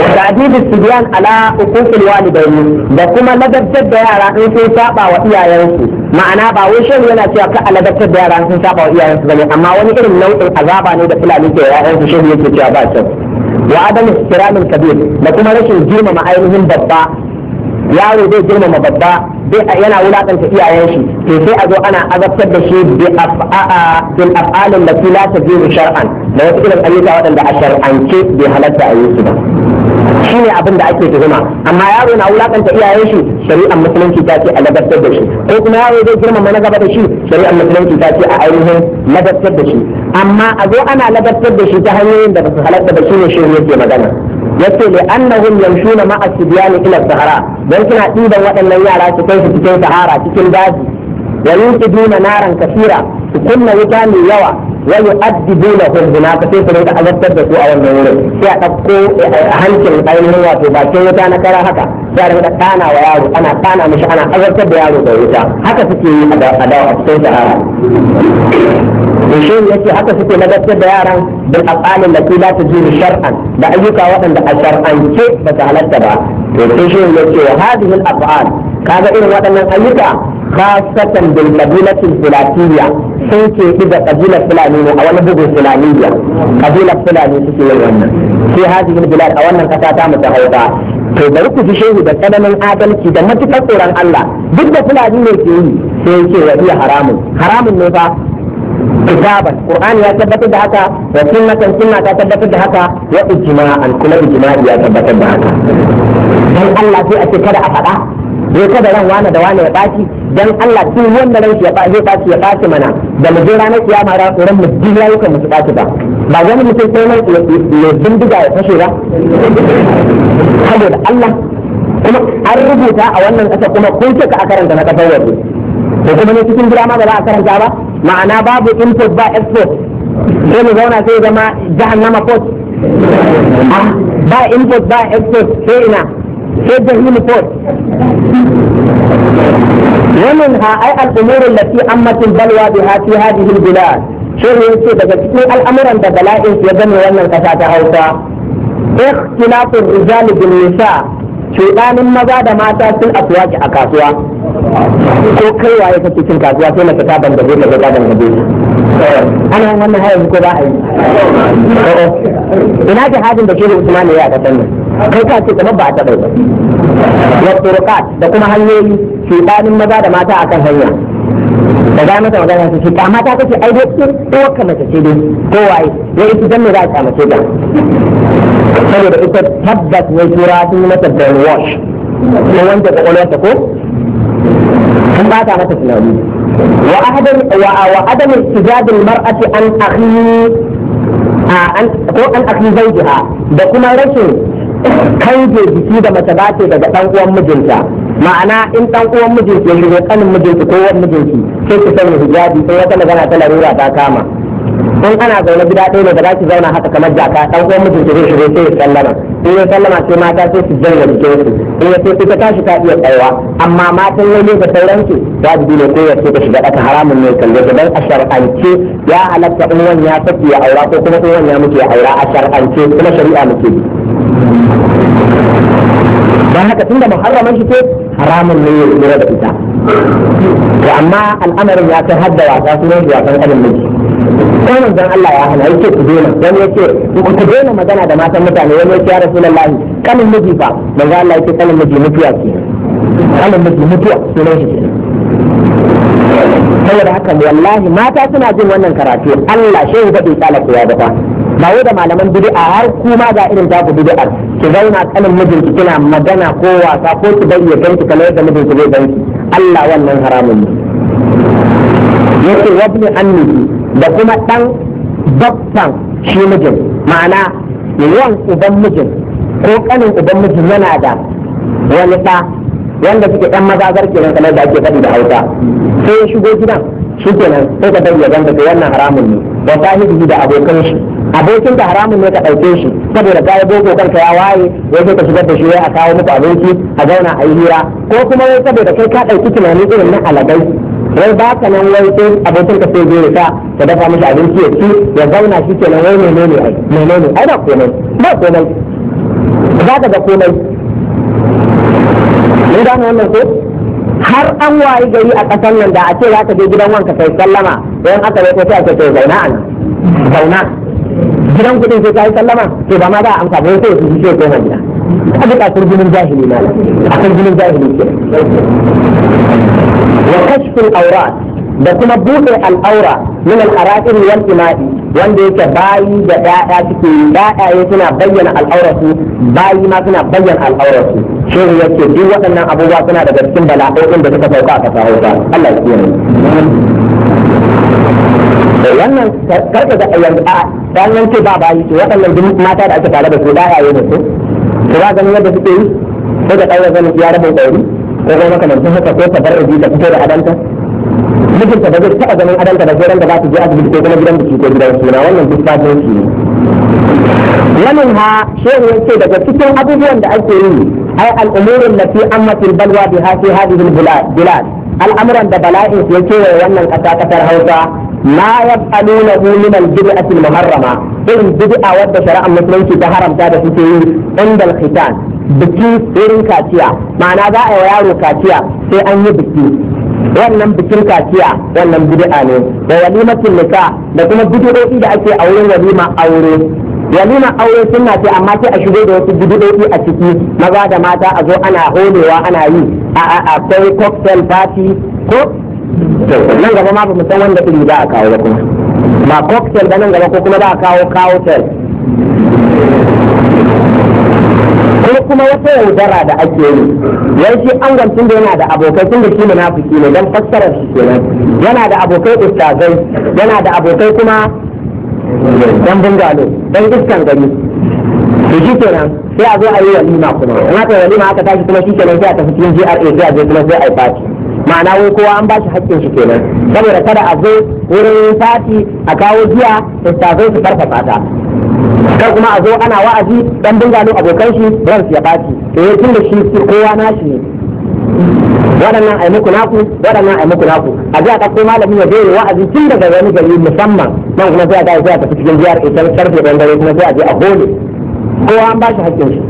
وتعديل الصبيان على حقوق الوالدين وكما لدب تد يا راقي في سابع وإيا ينسي معنا باوشن ينا سيقع لدب تد يا راقي في سابع وإيا ينسي بني أما وني كلم نوع الحذابة نوضة في العليك يا ينسي شهر ينسي وعدم احترام الكبير لكما رشي الجيمة مع أيهم بطا يا ولدي جرم ما بدا بي انا ولا كان في اي شيء في سي ازو انا اذكر بشيء بالافعال التي لا تجوز شرعا لا يقدر ان يتعود عند الشرع ان شيء بحالتها اي سبب shine abin da ake tuhuma amma yaro na wulakanta iyayen shi shari'ar musulunci ta ce a ladabtar da shi ko kuma yaro zai girmama na gaba da shi shari'ar musulunci ta ce a ainihin ladabtar da shi amma a zo ana ladabtar da shi ta hanyoyin da ba su halatta ba shine shirin yake magana yace li annahum yamshuna ma'a sibyani ila sahara dan suna diban waɗannan yara su kai su cikin sahara cikin daji wa yuqiduna naran kasira su kunna wuta mai yawa ويؤدبون في الزنا فكيف لو تعذبت بسوء او النور سيعتقوا هنشن قيل هو في باكين وتانا كرا حكا سيعرف تانا ويارو انا تانا مش انا عذبت بيارو بيوتا حكا سكي اداوة سيسا هارا وشين يكي حكا سكي مدت بيارا بالأفعال التي لا تجيب شرعا لا ايوكا وطن بقى شرعا كي فتحلت بها وشين يكي هذه الأفعال كذا ايوكا خاصة بالقبيلة sun ke da kabilar fulani ne a wani bugun fulaniyya kabilar fulani suke yin wannan sai hadihin bilal a wannan kasa ta mutu hauka to bari ku ji shehu da tsananin adalci da matukar tsoron Allah duk da fulani ne ke yi sai yake wa iya haramun haramun ne fa kitaban qur'an ya tabbatar da haka wa sunnatan sunna ta tabbatar da haka wa ijma'an kuma ijma'i ya tabbatar da haka dan Allah sai a ce kada a faɗa bai da ran wani da wani ya baki dan Allah duk wanda ran shi ya zai baki ya baki mana da mu je ranar kiyama ran ran mu duk yuka mu su baci ba ba wani mutum sai nan ya bindiga ya fashe ba saboda Allah kuma an rubuta a wannan kasa kuma kun ce ka a karanta na kasar waje to kuma ne cikin gida ma ba za a karanta ba ma'ana babu input ba export sai mu zauna sai zama jahannama post ah, ba import ba export sai ina سيد جهيل فور ومنها أي الأمور التي أمت البلوى بها في هذه البلاد شو يمكن بدأ الأمر عند بلائن في يدن وأن القساة أوسى اختلاف الرجال بالنساء شيطان ماذا ما في الأسواق أكاسوا وكيف يتكلم كاسوا في مكتابا بذير مكتابا بذير ana yin wannan hayar ko ba a yi ina jihadin da shehu usman ya a kasan nan kai ka ce kamar ba a taɓa yi wa turuqat da kuma hanyoyi tsakanin maza da mata akan hanya da za mata magana su ce kama ta kace ai dai ko ka mace ce dai ko waye ya yi dan me za a kamace ta saboda ita tabbas ne tura sun mata brainwash ko wanda kwakwalwarta ko an ba ta mata tunani وعدم وعدم استجاب المرأة عن أخي عن أخي زوجها ده كما رشن jiki da mace ba ce daga ɗan uwan mijinta ma'ana in ɗan uwan mijinta ya rige kanin mijinki ko wani mijinki sai ki sanya hijabi sai wata magana ta larura ta kama in ana zaune gida ɗaya ne da za ki zauna haka kamar jaka dan uwan mijin ki zai shige sai ya sallama in ya sallama sai mata sai su janye jikin su in ya ita ta tashi ta iya tsayawa amma matan lalle da sauran ki wajibi ne ko ya ce ta shiga ɗaka haramun ne kalle da dan a shar'ance ya halatta in wani ya saki ya aura ko kuma in wani ya mutu ya aura a shar'ance kuma shari'a muke don haka tunda muharraman shi ce haramun ne ya lura da ita to amma al'amarin ya kai hadda wasa sunan shi wasan kanin miji ko manzon Allah ya hana yake ku daina wani yace ku daina magana da matan mutane wani yace ya rasulullahi kanin miji fa manzon Allah yake kanin miji mutuwa ke kanin miji mutuwa sunan shi saboda haka wallahi mata suna jin wannan karatu Allah shehu da bai kala kowa ba ba wai da malaman bid'a har kuma ga irin ta ku bid'ar ki zauna kanin mijinki kina magana ko wasa ko ki bayyana ganki kamar mijinki zai ganki Allah wannan haramun ne yace wabni anniki da kuma dan babban shi mijin ma'ana yawan uban mijin ko kanin uban mijin yana da wani da wanda suke ɗan mazazar kenan kamar da ake faɗi da hausa sai ya shigo gidan shi kenan sai ka bayyana ganka wannan haramun ne da sahibi da abokan shi abokin ka haramun ne ka ɗauke shi saboda kayi boko kanka ya waye waje ka shigar da shi a kawo muku abinci a zauna a yi hira ko kuma wai saboda kai ka ɗauki tunanin irin na alagai wai ba ka nan wai sai abokin ka sai zai ka ka dafa mishi abinci ya ci ya zauna shi ke nan wai menene ai menene ai ba komai ba komai za ka ga komai mun gane wannan ko har an wayi gari a ƙasar nan da a ce za ka je gidan wanka kai sallama don aka ne ko sai a ce zauna a nan zauna gidan kudin sai ka yi sallama to ba ma za a amsa ba sai su shi ko gida a duka kurgunin jahili na, a kan kurgunin jahili ke wa kashful aurat da kuma buɗe al'aura min al'araƙin wal ima'i wanda yake bayi da ɗaya suke ɗaya suna bayyana al'aurarsu bayi ma suna bayyana al'aurarsu shehu ya ce duk waɗannan abubuwa suna daga cikin bala'o'in da suka sauka a ƙasa hausa Allah ya kiyaye wannan karka ga yanzu da an ce ba bayi to waɗannan duk mata da ake tare da su da yaye da su to za ganin yadda suke yi ko da ɗaura zanin ya rabin ɗauri ko kuma makamantan haka ko ta bar da ta fito da adanta mijinta ba zai taɓa ganin adanta da sai da za su je asibiti ko kuma gidan biki ko gidan na wannan duk fatanci ne wannan ha shehu ya ce daga cikin abubuwan da ake yi ai al'umurin da fi ammatin balwa bi ha fi hadihil bilad al'amuran da bala'in ya kewaye wannan ƙasa ƙasar hausa ma yaf'aluna min al-bid'ati al-muharrama irin bid'a wadda shari'ar musulunci ta haramta da suke yi inda al-khitan biki kaciya ma'ana za a yi yaro kaciya sai an yi biki wannan bikin kaciya wannan bid'a ne da walimatul nikah da kuma bid'o'i da ake a wurin walima aure walima aure sunna ce amma sai a shigo da wasu bidiyoyi a ciki maza da mata a zo ana holewa ana yi A'a akwai cocktail party ko nan gaba ma ba mu san wanda iri za a kawo ba kuma ba cocktail ba nan gaba ko kuma za a kawo kawo ko kuma wata yaudara da ake yi yan shi an gamsin da yana da abokai tun da shi munafiki ne dan fassarar shi kenan yana da abokai ustazai yana da abokai kuma dan bungalo dan iskan gari to shi kenan sai a zo a yi walima kuma in aka yi walima aka tashi kuma shi kenan sai a tafi cikin GRA sai a je kuma sai a yi ma'ana wai kowa an bashi haƙƙin shi kenan saboda kada a zo wurin sati a kawo jiya ustazai su karfafa ta kar kuma a zo ana wa'azi dan bungalo abokan shi ran ya baci to yau tunda da shi kowa nashi ne waɗannan ai muku naku waɗannan ai muku naku a ji a ɗauko malami ya zai wa'azi tun daga wani gari musamman nan kuma sai a dawo sai a tafi cikin jihar ita karfe ɗan dare kuma sai a je a hole kowa an bashi haƙƙin shi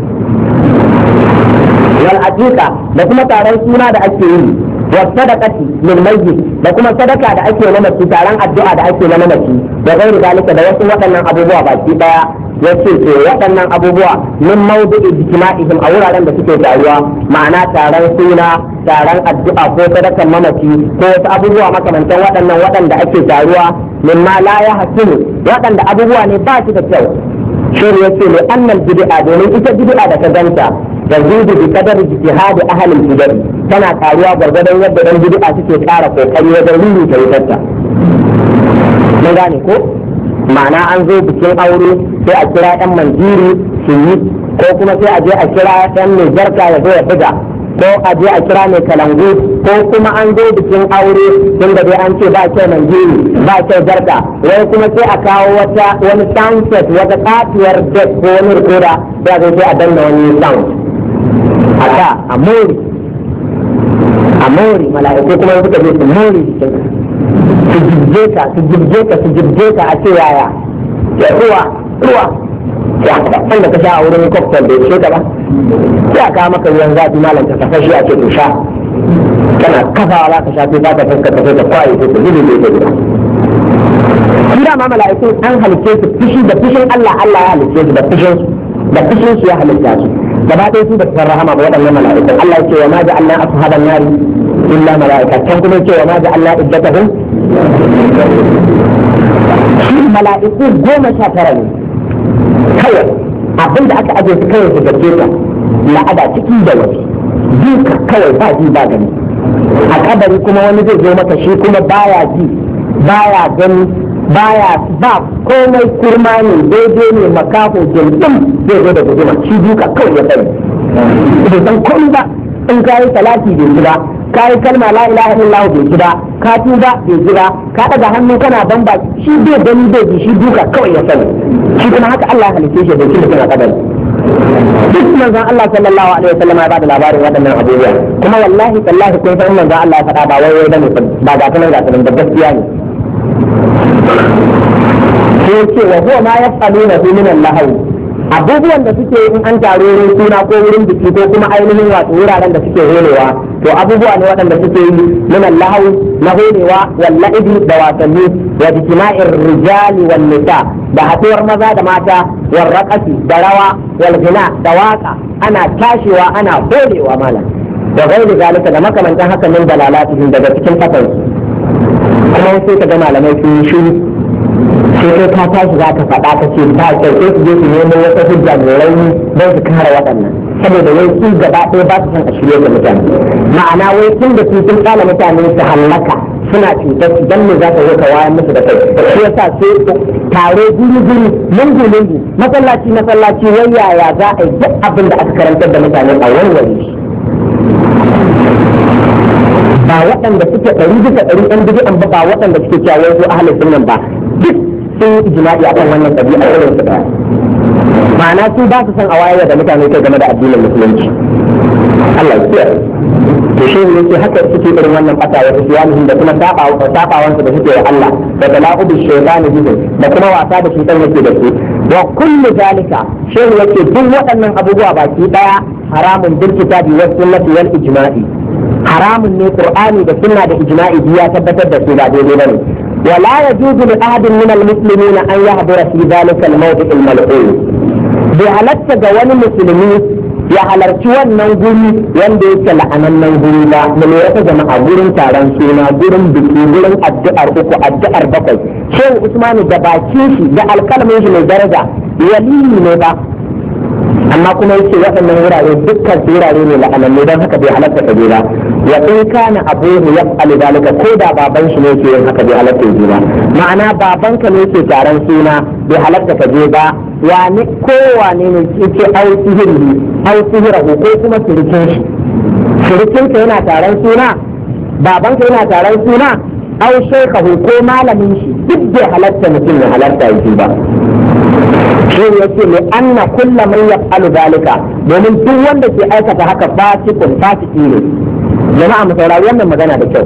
wal da kuma taron suna da ake yi wa sadaqati lil mayyit da kuma sadaka da ake na taron addu'a da ake na mace da gairi dalika da wasu waɗannan abubuwa baki ɗaya, yace to waɗannan abubuwa min mawdu'i ijtima'ihim a wuraren da suke taruwa ma'ana taron suna taron addu'a ko sadakan mamaci ko wasu abubuwa makamantan waɗannan waɗanda ake taruwa mimma la ya hasinu waɗanda abubuwa ne ba su da kyau shi yace ne annal bid'a domin ita bid'a da ka ganta yazidu bi kadar ijtihadi ahli al-bid'ah tana karuwa gargadan yadda dan bid'a suke kara kokari wajen rubuta wutarta mun gane ko ma'ana an zo bikin aure sai a kira yan manjiri su yi ko kuma sai a je a kira yan mai zarka ya zo ya buga ko a je a kira mai kalangu ko kuma an zo bikin aure tun da dai an ce ba kyau manjiri ba kyau Jarka wai kuma sai a kawo wata wani soundset wata katiyar desk ko wani rikoda ya zo sai a danna wani sound a da a mori a more mala'ikai kuma suka je su more jikin su jirge ka su jirge ka su jirge ka a ce yaya ya ruwa ruwa ya kaɗan da ka sha a wurin da ya ce ka ba ya ka maka ruwan zafi malam ta, kafa shi a ce sha kana kafawa za ka sha sai ba ka fuska ta sai ka kwaye sai ka gudu bai ka gida shi ma mala'ikai an halice su fushi da fushin Allah Allah ya halice su da fushin da fushin su ya halitta su gaba ɗaya su da su rahama ba waɗannan mala'ikun Allah ya ce wa ma ja'alna ashaban nari illa mala'ika kan kuma ya ce wa ma ja'alna iddatahum mala'iku goma sha tara ne kawai abin da aka ajiye su kawai su gaske ta la'ada ciki da waje. duka kawai ba ji ba gani a kabari kuma wani zai zo maka shi kuma baya ji baya gani baya ba komai kurma ne daidai ne makafo jirgin zai zo da guduma shi duka kawai ya bari bai san komai ba in yi salati bai ji ka yi kalma la ilaha illallah bai ji ka tuba bai ji ka daga hannu kana ba shi bai gani bai ji shi duka kawai ya sani shi kuma haka Allah ya halice shi bai ci mutum a kadari duk manzon Allah sallallahu alaihi wasallam ya bada labarin waɗannan abubuwa kuma wallahi tallahi kun san manzon Allah ya faɗa ba wai wai bane ba ga kuma ga tunan da gaskiya ne sai ce wa huwa ma yafalu na bi minan abubuwan da suke in an taro wurin suna ko wurin biki ko kuma ainihin wato wuraren da suke holewa to abubuwa ne waɗanda suke yi minan al na honewa wal la'ibi da wasanni wa ijtima'ir rijali wan nisa da haɗuwar maza da mata wal raqasi da rawa wal ghina da waka ana tashiwa ana holewa malam da gairi zalika da makamantan haka min dalalatihin daga cikin fatan kuma sai ka ga malamai sun yi shiru sai kai ka tashi za ka faɗa ka ce ba kyau sai su je su nemo wata hujja mai rauni don su kare waɗannan saboda wai su gaba ɗaya ba su san a shirye da mutane ma'ana wai tun da su sun kala mutane su hallaka suna cutar su dan ne za ka zo ka wayar musu da kai shi yasa sai taro guri guri lungu lungu masallaci masallaci wai yaya za a yi duk abin da aka karantar da mutane a wani wani ba waɗanda suke ɗari bisa ɗari ɗan bid'an ba ba waɗanda suke cewa su ahlus sunan ba duk sun yi a akan wannan ɗabi'a irin su ɗaya ma'ana su ba su san a wayar da mutane kai game da addinin musulunci Allah ya siya. to shi ne yake haka suke irin wannan fata ya fi yamin da kuma sabawan su da suke wa Allah da talaqudu shaytan bihi da kuma wasa da shaytan yake da su wa kullu zalika shi yake duk waɗannan abubuwa baki daya haramun bil kitabi was sunnati wal ijma'i haramun ne qur'ani da sunna da ijma'i biya tabbatar da su ba daidai bane wala yajuzu li ahadin min al-muslimin an yahdura fi dhalika al-mawdi' al bi halatta ga wani musulmi ya halarci wannan guri wanda yake la'anannan guri ba mu lura ta jama'a gurin taron suna gurin biki gurin addu'ar uku addu'ar bakwai shehu usmanu da bakin shi da alkalmin shi mai daraja waliyi ne ba amma kuma yace waɗannan wurare dukkan su wurare ne la'ananne don haka bai halatta ka je ba wa in kana abuhu yaf'alu dalika ko da baban shi ne yake yin haka bai halatta ya je ba ma'ana baban ka ne yake taron suna bai halatta ka je ba wani kowane ne yake au sihiri au sihirahu ko kuma sirikin shi sirikin ka yana taron suna baban ka yana taron suna au shaykhahu ko malamin shi duk bai halatta mutum ya halatta ya je ba sai ya ce mai anna kulla man yaf'alu domin duk wanda ke aikata haka fasikun fasiki ne jama'a mu saurari wannan magana da kyau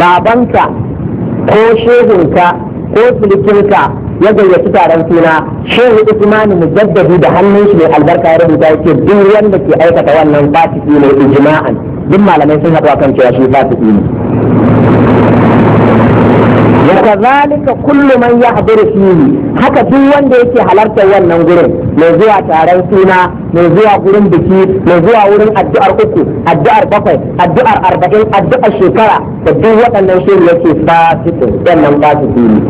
babanka ko shehunka ko silikinka ya gayyaci taron suna shehu usmanu mujaddadi da hannun shi mai albarka ya rubuta yake duk wanda ke aikata wannan fasiki ne ijma'an duk malamai sun haɗu kan cewa shi fasiki ne wa kazalika kullu man yahduru fihi haka duk wanda yake halartar wannan gurin mai zuwa taron suna mai zuwa gurin biki mai zuwa wurin addu'ar uku addu'ar bakwai addu'ar arba'in addu'ar shekara da duk waɗannan shirin yake fasikin wannan fasiki ne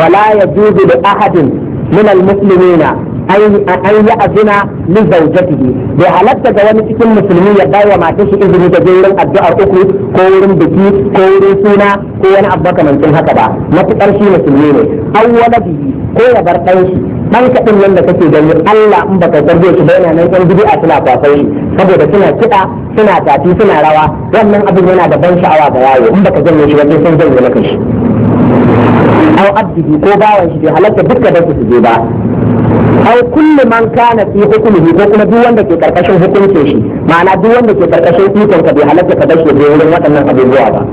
wala yajuzu li ahadin min al-muslimina an yi azina li zaujatihi bai halatta ga wani cikin musulmi ya bai wa matar shi izini da wurin addu'ar uku ko wurin biki ko wurin suna ko wani abu makamancin haka ba matukar shi musulmi ne an waladihi ko ya bar ɗan shi ɗan kaɗin yadda kake gani Allah in baka tarbe shi ba yana nan ɗan gidi a suna kwafai saboda suna kiɗa suna tafi suna rawa wannan abin yana da ban sha'awa ga yawo in baka janye shi wajen sun janye maka shi أو أبده كوبا وشدي هلك بكرة بس تجيبا أو كل من كان في حكمه حكم دوان دكي تركشن حكم كيشي معنى دوان دكي تركشن في كون كبي هلك كبشي بيولن وطنن قبيل بوابا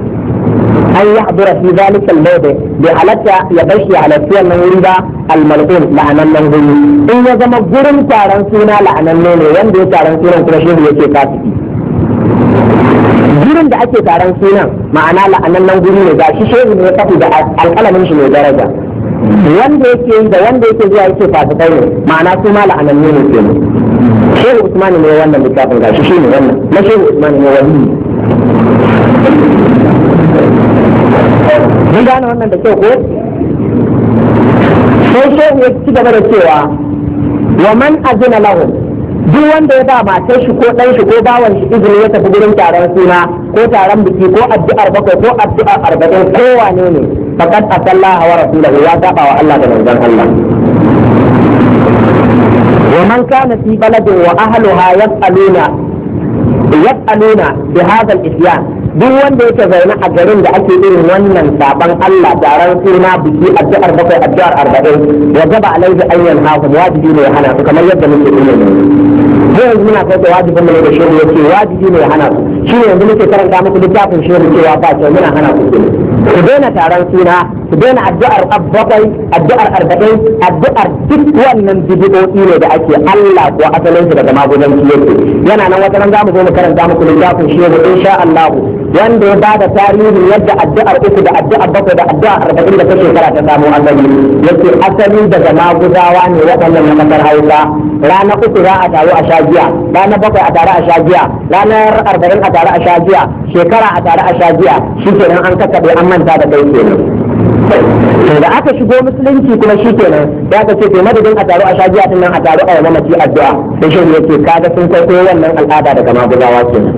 أن يحضر في ذلك الليبة بحلك يبشي على سيئة من يريد الملقون لعن الله إن يزم الظلم لعن النوم يندو كارنسينا كرشيه يكي كاتبي gurin da ake taron sunan ma'ana la'anannan guri ne ga shi shehu ne ya da alƙalamin shi ne daraja wanda yake yi da wanda yake zuwa yake fasikai ne ma'ana su ma la'anan ne ke kenan shehu usmani ne wannan littafin ga shi ne wannan na shehu usmani ne wani ne. mun gane wannan da kyau ko sai shehu ya ci gaba da cewa wa man azina lahum duk wanda ya ba matar shi ko ɗan shi ko bawan shi izini ya tafi gurin taron suna ko taron biki ko addu'ar bakwai ko addu'ar arba'in ko wane ne faqad asallaha wa rasulahu ya saba wa Allah da manzon Allah wa man kana fi baladin wa ahliha yas'aluna yas'aluna bi hadha al-isyan duk wanda yake zaune a garin da ake irin wannan saban Allah taron suna biki addu'ar bakwai addu'ar arba'in wa gaba alaihi an yanhahu wajibi ne ya hana su kamar yadda muke ilimi mu yanzu muna kai da wajibin mu ne da shehu yake wajibi ne ya hana su shi ne yanzu muke karanta muku littafin shehu cewa ba kyau muna hana ku ku daina taron suna ku daina addu'ar bakwai addu'ar arba'in addu'ar duk wannan bid'o'i ne da ake Allah ko asalin su daga magudanci yake yana nan wata ran zamu zo mu karanta muku littafin shehu insha Allah wanda ya bada tarihin yadda addu'ar uku da addu'ar bakwai da addu'ar arba'in da ta shekara ta samu asali ce asali daga maguzawa ne waɗannan na kasar hausa rana uku za a taru a shajiya rana bakwai a taru a shajiya ranar arba'in a taru a shajiya shekara a taru a shagiya shikenan an kakkaɓe an manta da kai kenan da aka shigo musulunci kuma shi kenan da aka ce to madadin a taro a shajiya din nan a taro a mamaci addu'a da shi yake kaga sun kai wannan al'ada daga maguzawa kenan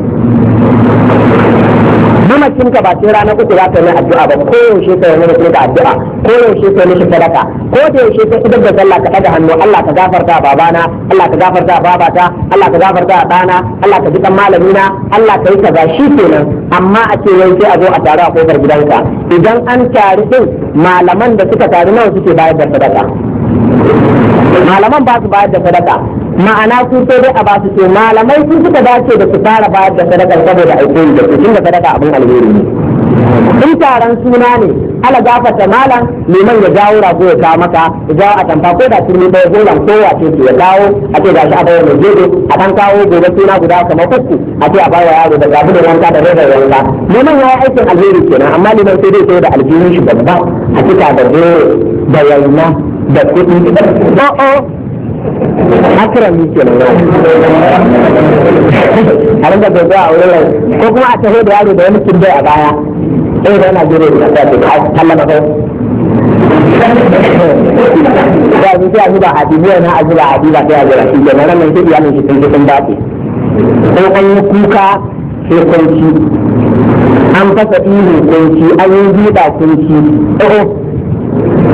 ka ba sai ranar uku za ka yi addu'a ba ko yaushe ka yi mana da addu'a ko yaushe ka yi mishi sadaka ko da yaushe ka idan da sallah ka daga hannu Allah ka gafarta babana Allah ka gafarta babata Allah ka gafarta dana Allah ka ji kan malamina Allah ka yi kaza shi kenan amma a ce yau sai a zo a taru a kofar gidanka idan an taru din malaman da suka taru nawa suke bayar da sadaka malaman ba su bayar da sadaka ma'ana su sai dai a ba su ce malamai sun suka dace da su fara bayar da sadakar saboda aikin da su tunda sadaka abin alheri ne in taron suna ne ala gafata malam liman ya jawo rago ya kawo maka ya jawo a tamfa ko da turmi ɗaya goron kowa ce su ya kawo a ce gashi a bai mai jebe a kan kawo gobe suna guda kamar uku a ce a wa yaro da gabu da wanka da rairar wanka liman ya yi aikin alheri kenan amma liman sai dai sai da alheri shi babba a cika da goro da da kuɗi. akrami ke a rinka dogo a wurin ko kuma a taho da yaro da wani kin a baya eh da yana da ta ce kallon ba da yanzu a zuba hadibi yana a zuba sai a zira shi kenan nan sai cikin cikin bace ko an yi kuka sai kunci an fasa ihu kunci an yi jiba kunci ta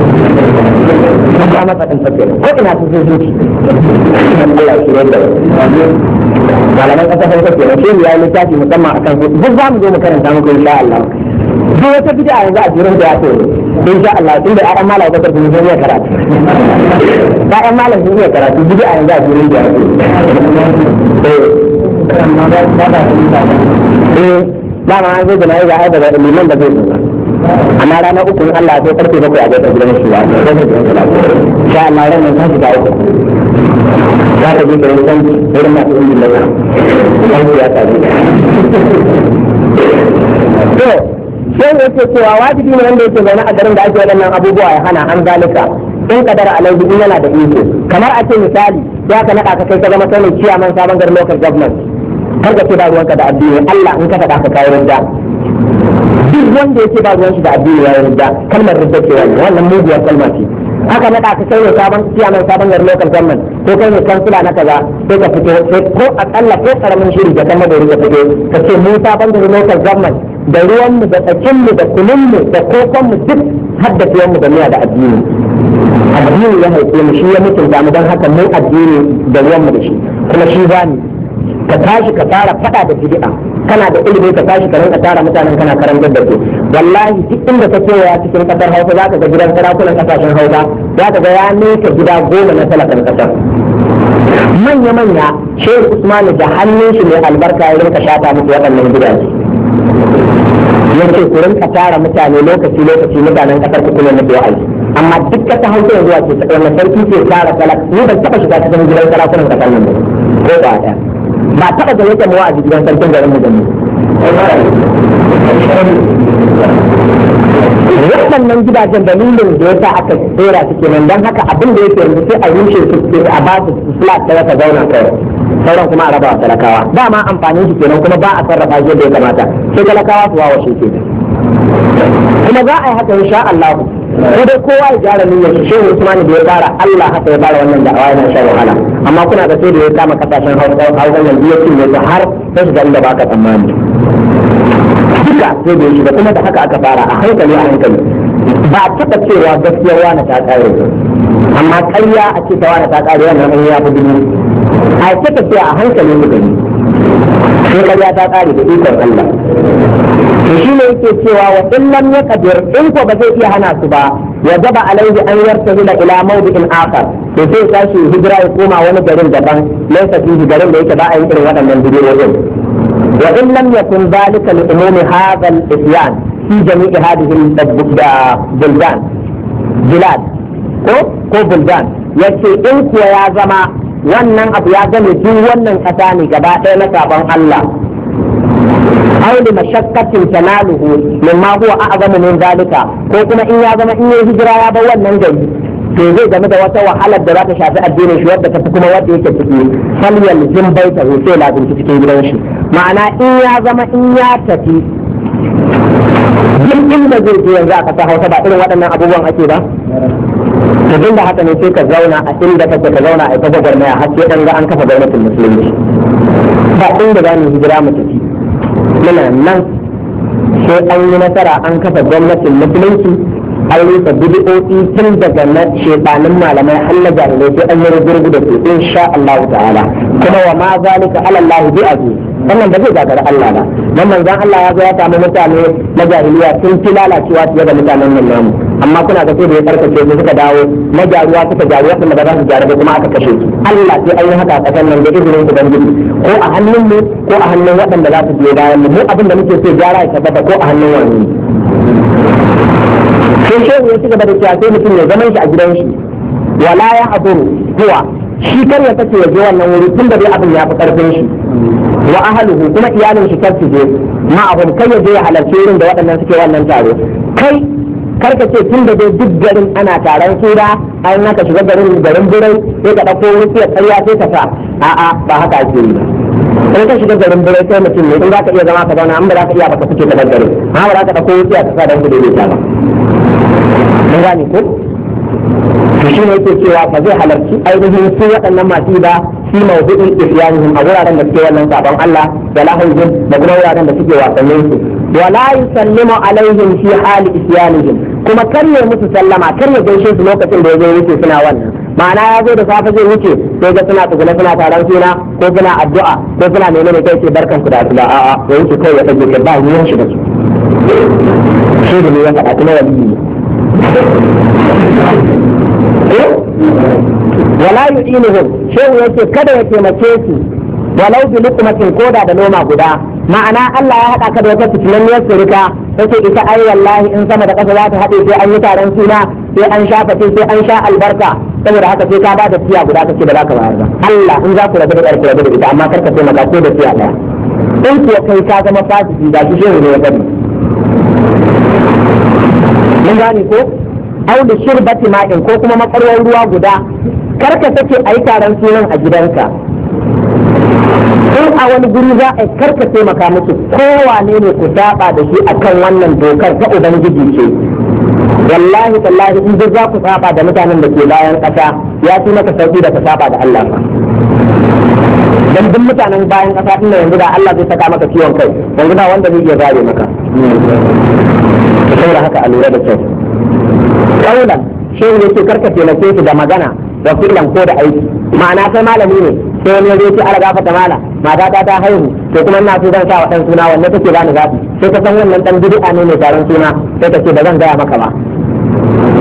sha masa ɗin tafiya ko ina su sun zuci Allah shi ne da malaman ƙasa sun tafiya da shi ya yi littafi musamman akan su duk za mu zo mu karanta muku insha Allah duk wata bid'a yanzu a jirin da ya ce insha Allah tun da ƴaƴan malam bakar sun iya karatu ƴaƴan malam sun iya karatu bid'a yanzu a jirin da ya ce Ba eh. eh, ma an zo da na yi ga aiba da liman da zai zo amma ranar uku in Allah zai karfe bakwai a gaban gidan shi ba sha Allah ran nan tashi da uku za ka je ka yi san irin masu injin da ka sai ya tafi to sai yake cewa wajibi ne wanda yake zaune a garin da ake wadannan abubuwa ya hana an zalika in kadar alaihi in yana da iko kamar a ce misali ya ka naɗa ka kai ka zama sanin ciyaman sabon garin local government kar ka ce ba ruwanka da addini Allah in ka faɗa ka kawo rinda duk wanda yake ba ruwan shi da addini ya yarda kalmar ridda yi. wannan muguwar kalma ce haka na ka kai ne sabon mai sabon yar local government ko kai ne kansila na kaza sai ka fito sai ko kalla ko karamin shiri da kan da ka fito ka ce mu sabon gari local government da ruwan mu da tsakin mu da kunun mu da kokon mu duk haddace mu da miya da addini addini ya haife mu shi ya mutunta mu dan haka mu addini da ruwan mu da shi kuma shi bani ka tashi ka fara fada da bid'a kana da ilimi ka tashi ka ranka tara mutanen kana karantar da su wallahi duk inda ka ce ya cikin kasar hausa za ka ga gidan sarakunan kasashen hausa za ka ga ya neka gida goma na talakan kasar manya-manya shehu usman da hannun shi mai albarka ya rinka shata muku waɗannan gidaje ya ce ku rinka tara mutane lokaci lokaci mutanen kasar ku kuma na wa'azi amma duk ka ta hausa yanzu a ce wanda sarki ke tara talak ni ban taɓa shiga cikin gidan sarakunan kasar nan ba ko ba ɗaya ba taɓa gare ta mu a gidan sarkin garin mujallu waɗannan gidajen dalilin da ya sa aka tsera su nan, don haka abin da yake yanzu sai a rushe su a ba su flat da ta zauna kawai sauran kuma a raba wa talakawa dama amfanin shi kenan kuma ba a sarrafa shi da ya kamata sai talakawa su wawa shi kenan kuma za a yi haka insha Allah ko dai kowa ya gyara niyyar shi shehu usmani da ya fara Allah haka ya fara wannan da'awa yana shan wahala amma kuna da sai da ya kama kasashen hausa yanzu ya cinye yanzu har ta shiga inda ba ka tsammani duka sai da ya shiga kuma da haka aka fara a hankali a hankali ba a taɓa cewa gaskiyar wani ta ƙare amma karya a ce ta wani ta ƙare wannan an ya fi dubu a ce cewa a hankali mu gani sai kaza ta kare da ikon Allah to shi ne yake cewa wa in lam yaqdir in ko ba zai iya hana su ba ya zaba alaihi an yartahila ila mawdi'in akhar to sai tashi hijira ya koma wani garin daban laysa fihi garin da yake ba a yi irin waɗannan bidiyoyin wa in lam yakun zalika li umumi hadha al-isyan fi jami'i hadhihi al-buldan bilad ko ko buldan yace in kuwa ya zama wannan abu ya gane duk wannan kasa ne gaba ɗaya na sabon Allah auli mashaqqatin tanaluhu mimma huwa a'zamu min zalika ko kuma in ya zama in yi hijira ya bar wannan gari to zai game da wata wahalar da za ta shafi addinin shi wadda ta fi kuma wadda yake ciki fal yalzim baita hu sai lazimci cikin gidan shi ma'ana in ya zama in ya tafi duk inda zai je yanzu a kasar Hausa ba irin waɗannan abubuwan ake ba to duk da haka ne sai ka zauna a inda kake ka zauna a ita gwagwarmaya har sai an ga an kafa gwamnatin musulunci ba inda za mu hijira mu tafi muna nan sai an yi nasara an kafa gwamnatin musulunci an rufe bid'o'i tun daga na shebanin malamai an na jahilai sai an yi rugurgu da su insha Allah ta'ala kuma wa ma zalika ka Allah bi azu wannan ba zai gagara Allah ba nan manzon Allah ya zo ya samu mutane na jahiliya sun fi lalacewa fiye da mutanen nan namu amma kuna ga sai da ya karkace su suka dawo na jaruwa suka jaru waɗanda ba za su jaru kuma aka kashe su Allah sai an haka a ƙasar nan da izinin ubangiji ko a hannun mu ko a hannun waɗanda za su biyo bayan mu mu abin da muke so gyara ya tabbata ko a hannun wani sai shehu ya ci gaba da cewa sai mutum ya zaman shi a gidan shi wala ya abun huwa shi kar ya kace ya je wannan wuri tun da dai abin ya fi karfin shi wa ahluhu kuma iyalin shi kar su je ma abun kai ya je ya halarci wurin da waɗannan suke wannan taro kai kar ka ce tun da dai duk garin ana taron kura an naka shiga garin garin birai sai ka ɗauko wani sai karya sai ka sa a'a ba haka ake yi in ka shiga garin birai sai mutum ne in za ka iya zama ka zauna an ba za ka iya ba ka fice ka garin amma ba za ka ɗauko wani sai ka sa dan gudu ne ta ba mun gane ko to shi ne yake cewa ba zai halarci ainihin su waɗannan masu ba fi mawdu'in isyanihim a wuraren da suke wannan sabon Allah da lahajin da kuma wuraren da suke wasannin su wala yusallimu alaihim fi hali isyanihim kuma kar musu sallama kar ya gaishe su lokacin da ya zo wuce suna wannan ma'ana ya zo da safe zai wuce sai ga suna tsugune suna taron suna ko suna addu'a ko suna menene kai ce barkan ku da asuba a'a ya wuce kai ya tsage ba ruwan shi da su shi da ne ya faɗa kuma waliyi ne eh? wala yu'inuhum shehu yace kada ya taimake su walau bi lukmatin koda da noma guda ma'ana Allah ya haɗa ka da wata fitilanniyar surika ce ita ai wallahi in sama da ƙasa za ta haɗe sai an yi taron suna sai an sha fate sai an sha albarka saboda haka sai ka ba da tiya guda kace ba za ka bayar ba Allah in za ku rabu da ƙarfi rabu da ita amma kar ka taimaka ko da tiya ɗaya in kuwa kai ka zama fasiki da shi shehu ne ya gani mun gane ko au da shirbati ma'in ko kuma makarwar ruwa guda kar ka sake ayi taron sunan a gidanka in a wani guri za a karka taimaka musu kowane ne ku saba da shi akan wannan dokar ta ubangiji ce wallahi tallahi in zai za ku saba da mutanen da ke bayan kasa ya fi maka sauki da ka saba da Allah dan duk mutanen bayan kasa ina yanzu da Allah zai saka maka ciwon kai yanzu da wanda zai iya zare maka saboda haka a lura da kyau kaulan ne yake karkace na su da magana da filan ko da aiki ma'ana kai malami ne sai wani yanzu yake ala fata ta mala mata ta ta haihu to kuma ina so zan sa wa dan suna wanne take bani zafi sai ka san wannan dan bid'a ne mai taron suna sai ka ce ba zan gaya maka ba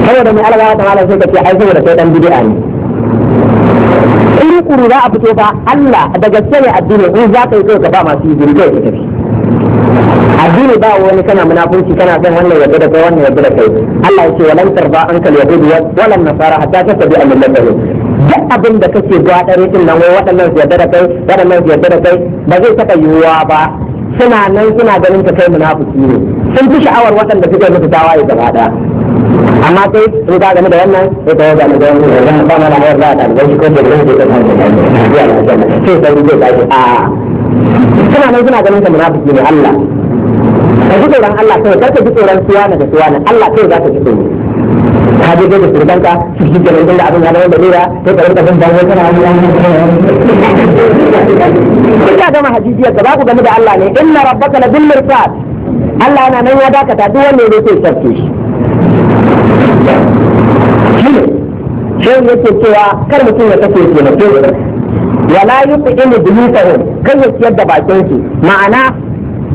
saboda mai ala fata ta mala sai ka ce ai saboda kai dan bid'a ne in kuru za a fito fa Allah da gaske ne addini in za ka yi kai ka ba masu yi jirgin kai ka tafi addini ba wani kana munafunci kana son wannan yadda da kai wannan yadda da kai Allah ya ce walan tarba an kal yahudi walan nasara hatta tabi al-millatahum duk abin da kake gwadare din nan wai waɗannan ziyarda da kai waɗannan ziyarda da kai ba zai taɓa yiwuwa ba suna nan suna ganin ka kai munafiki ne sun fi sha'awar waɗanda suke musu ya gaba ɗaya amma sai in ka game da wannan sai ka yaga da wannan ba mana hayar da da shi ko da da da sai sai da da a suna nan suna ganin ka munafiki ne Allah ka ji tsoron Allah kar ka ji tsoron suwana da suwana Allah kawai za ka ji tsoro ka je da surban ka shi ke da abin ya da lura sai ka rinka bin dawo kana wani ya gama hadisiyar ka ba ku game da Allah ne inna rabbaka la bil mirsad Allah yana nan ya dakata duk wanda ya so sarki shi sai ce cewa kar mutum ya kace ke na wala yuqimu bi mutahum kai ya ciyar da bakin shi ma'ana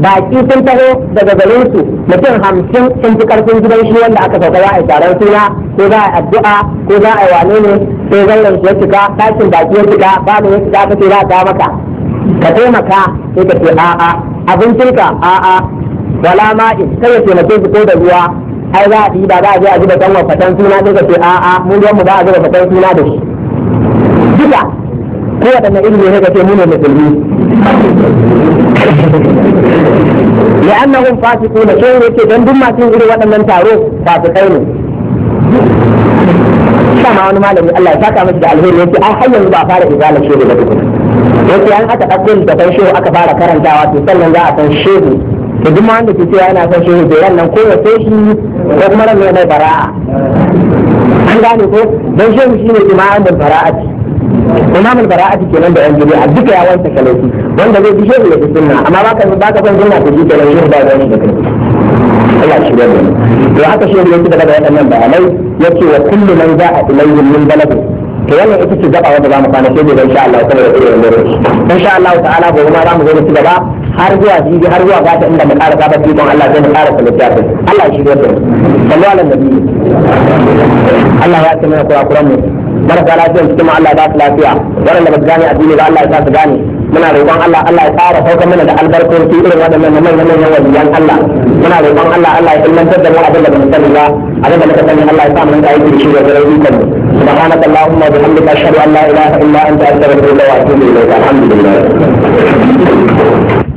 baki sun taho daga garinsu mutum hamsin sun fi karfin gidan shi wanda aka sauka za a yi taron suna ko za a yi addu'a ko za a yi wane ne zan zallan ya cika ɗakin baki ya cika mu ya cika ka ce za a kawo maka ka taimaka ko ka ce a'a ka a'a wala ma'in sai ya taimake su ko da ruwa ai za a ɗi ba za a je a zuba kanwa fatan suna ko ka ce a'a mun ruwan mu ba a zuba fatan suna da shi ko waɗanne ilimi ne kace mu ne musulmi li'annahum fasiquna sai yake dan duk masu irin waɗannan taro ba su kai ne sama wani malami Allah ya saka masa da alheri yace a har yanzu ba fara izala shehu da dukkan yace an aka ɗauko da ban shehu aka fara karantawa to sannan za a san shehu to duk wanda ke cewa yana son shehu to yannan ko ya sai shi ko kuma ran mai bara'a an gane ko dan shehu shine imamul ce. imam al-bara'ati kenan da yan a duka ya wanta kalafi wanda zai bishe da yake sunna amma ba ka ba ka san sunna ko duka da yin ba da wani da kai Allah shi da to haka shi yake daga waɗannan bayanai yace wa kullu man za'a ilayhi min baladi to wannan ita ce gaba wanda zamu kwana sai da insha Allah saboda irin lokaci insha Allah ta'ala ba ma zamu zo da gaba har zuwa jibi har zuwa gata inda mu ƙara sabon don Allah zai mu ƙara salafiya Allah shi da kai sallu ala nabi Allah ya tsamaya kurakuran mu marasa lafiyar cikin Allah ya ba su lafiya waɗanda ba su gane addini ba Allah ya sa su gane muna roƙon Allah Allah ya fara saukar mana da albarkoci irin waɗannan na manyan manyan waliyan Allah muna roƙon Allah Allah ya ilmantar da mu abin da mu sani ba abin da muka sani Allah ya sa mun aiki da shi da garin ikon سبحانك اللهم وبحمدك أشهد أن لا إله إلا أنت أستغفرك وأتوب إليك الحمد لله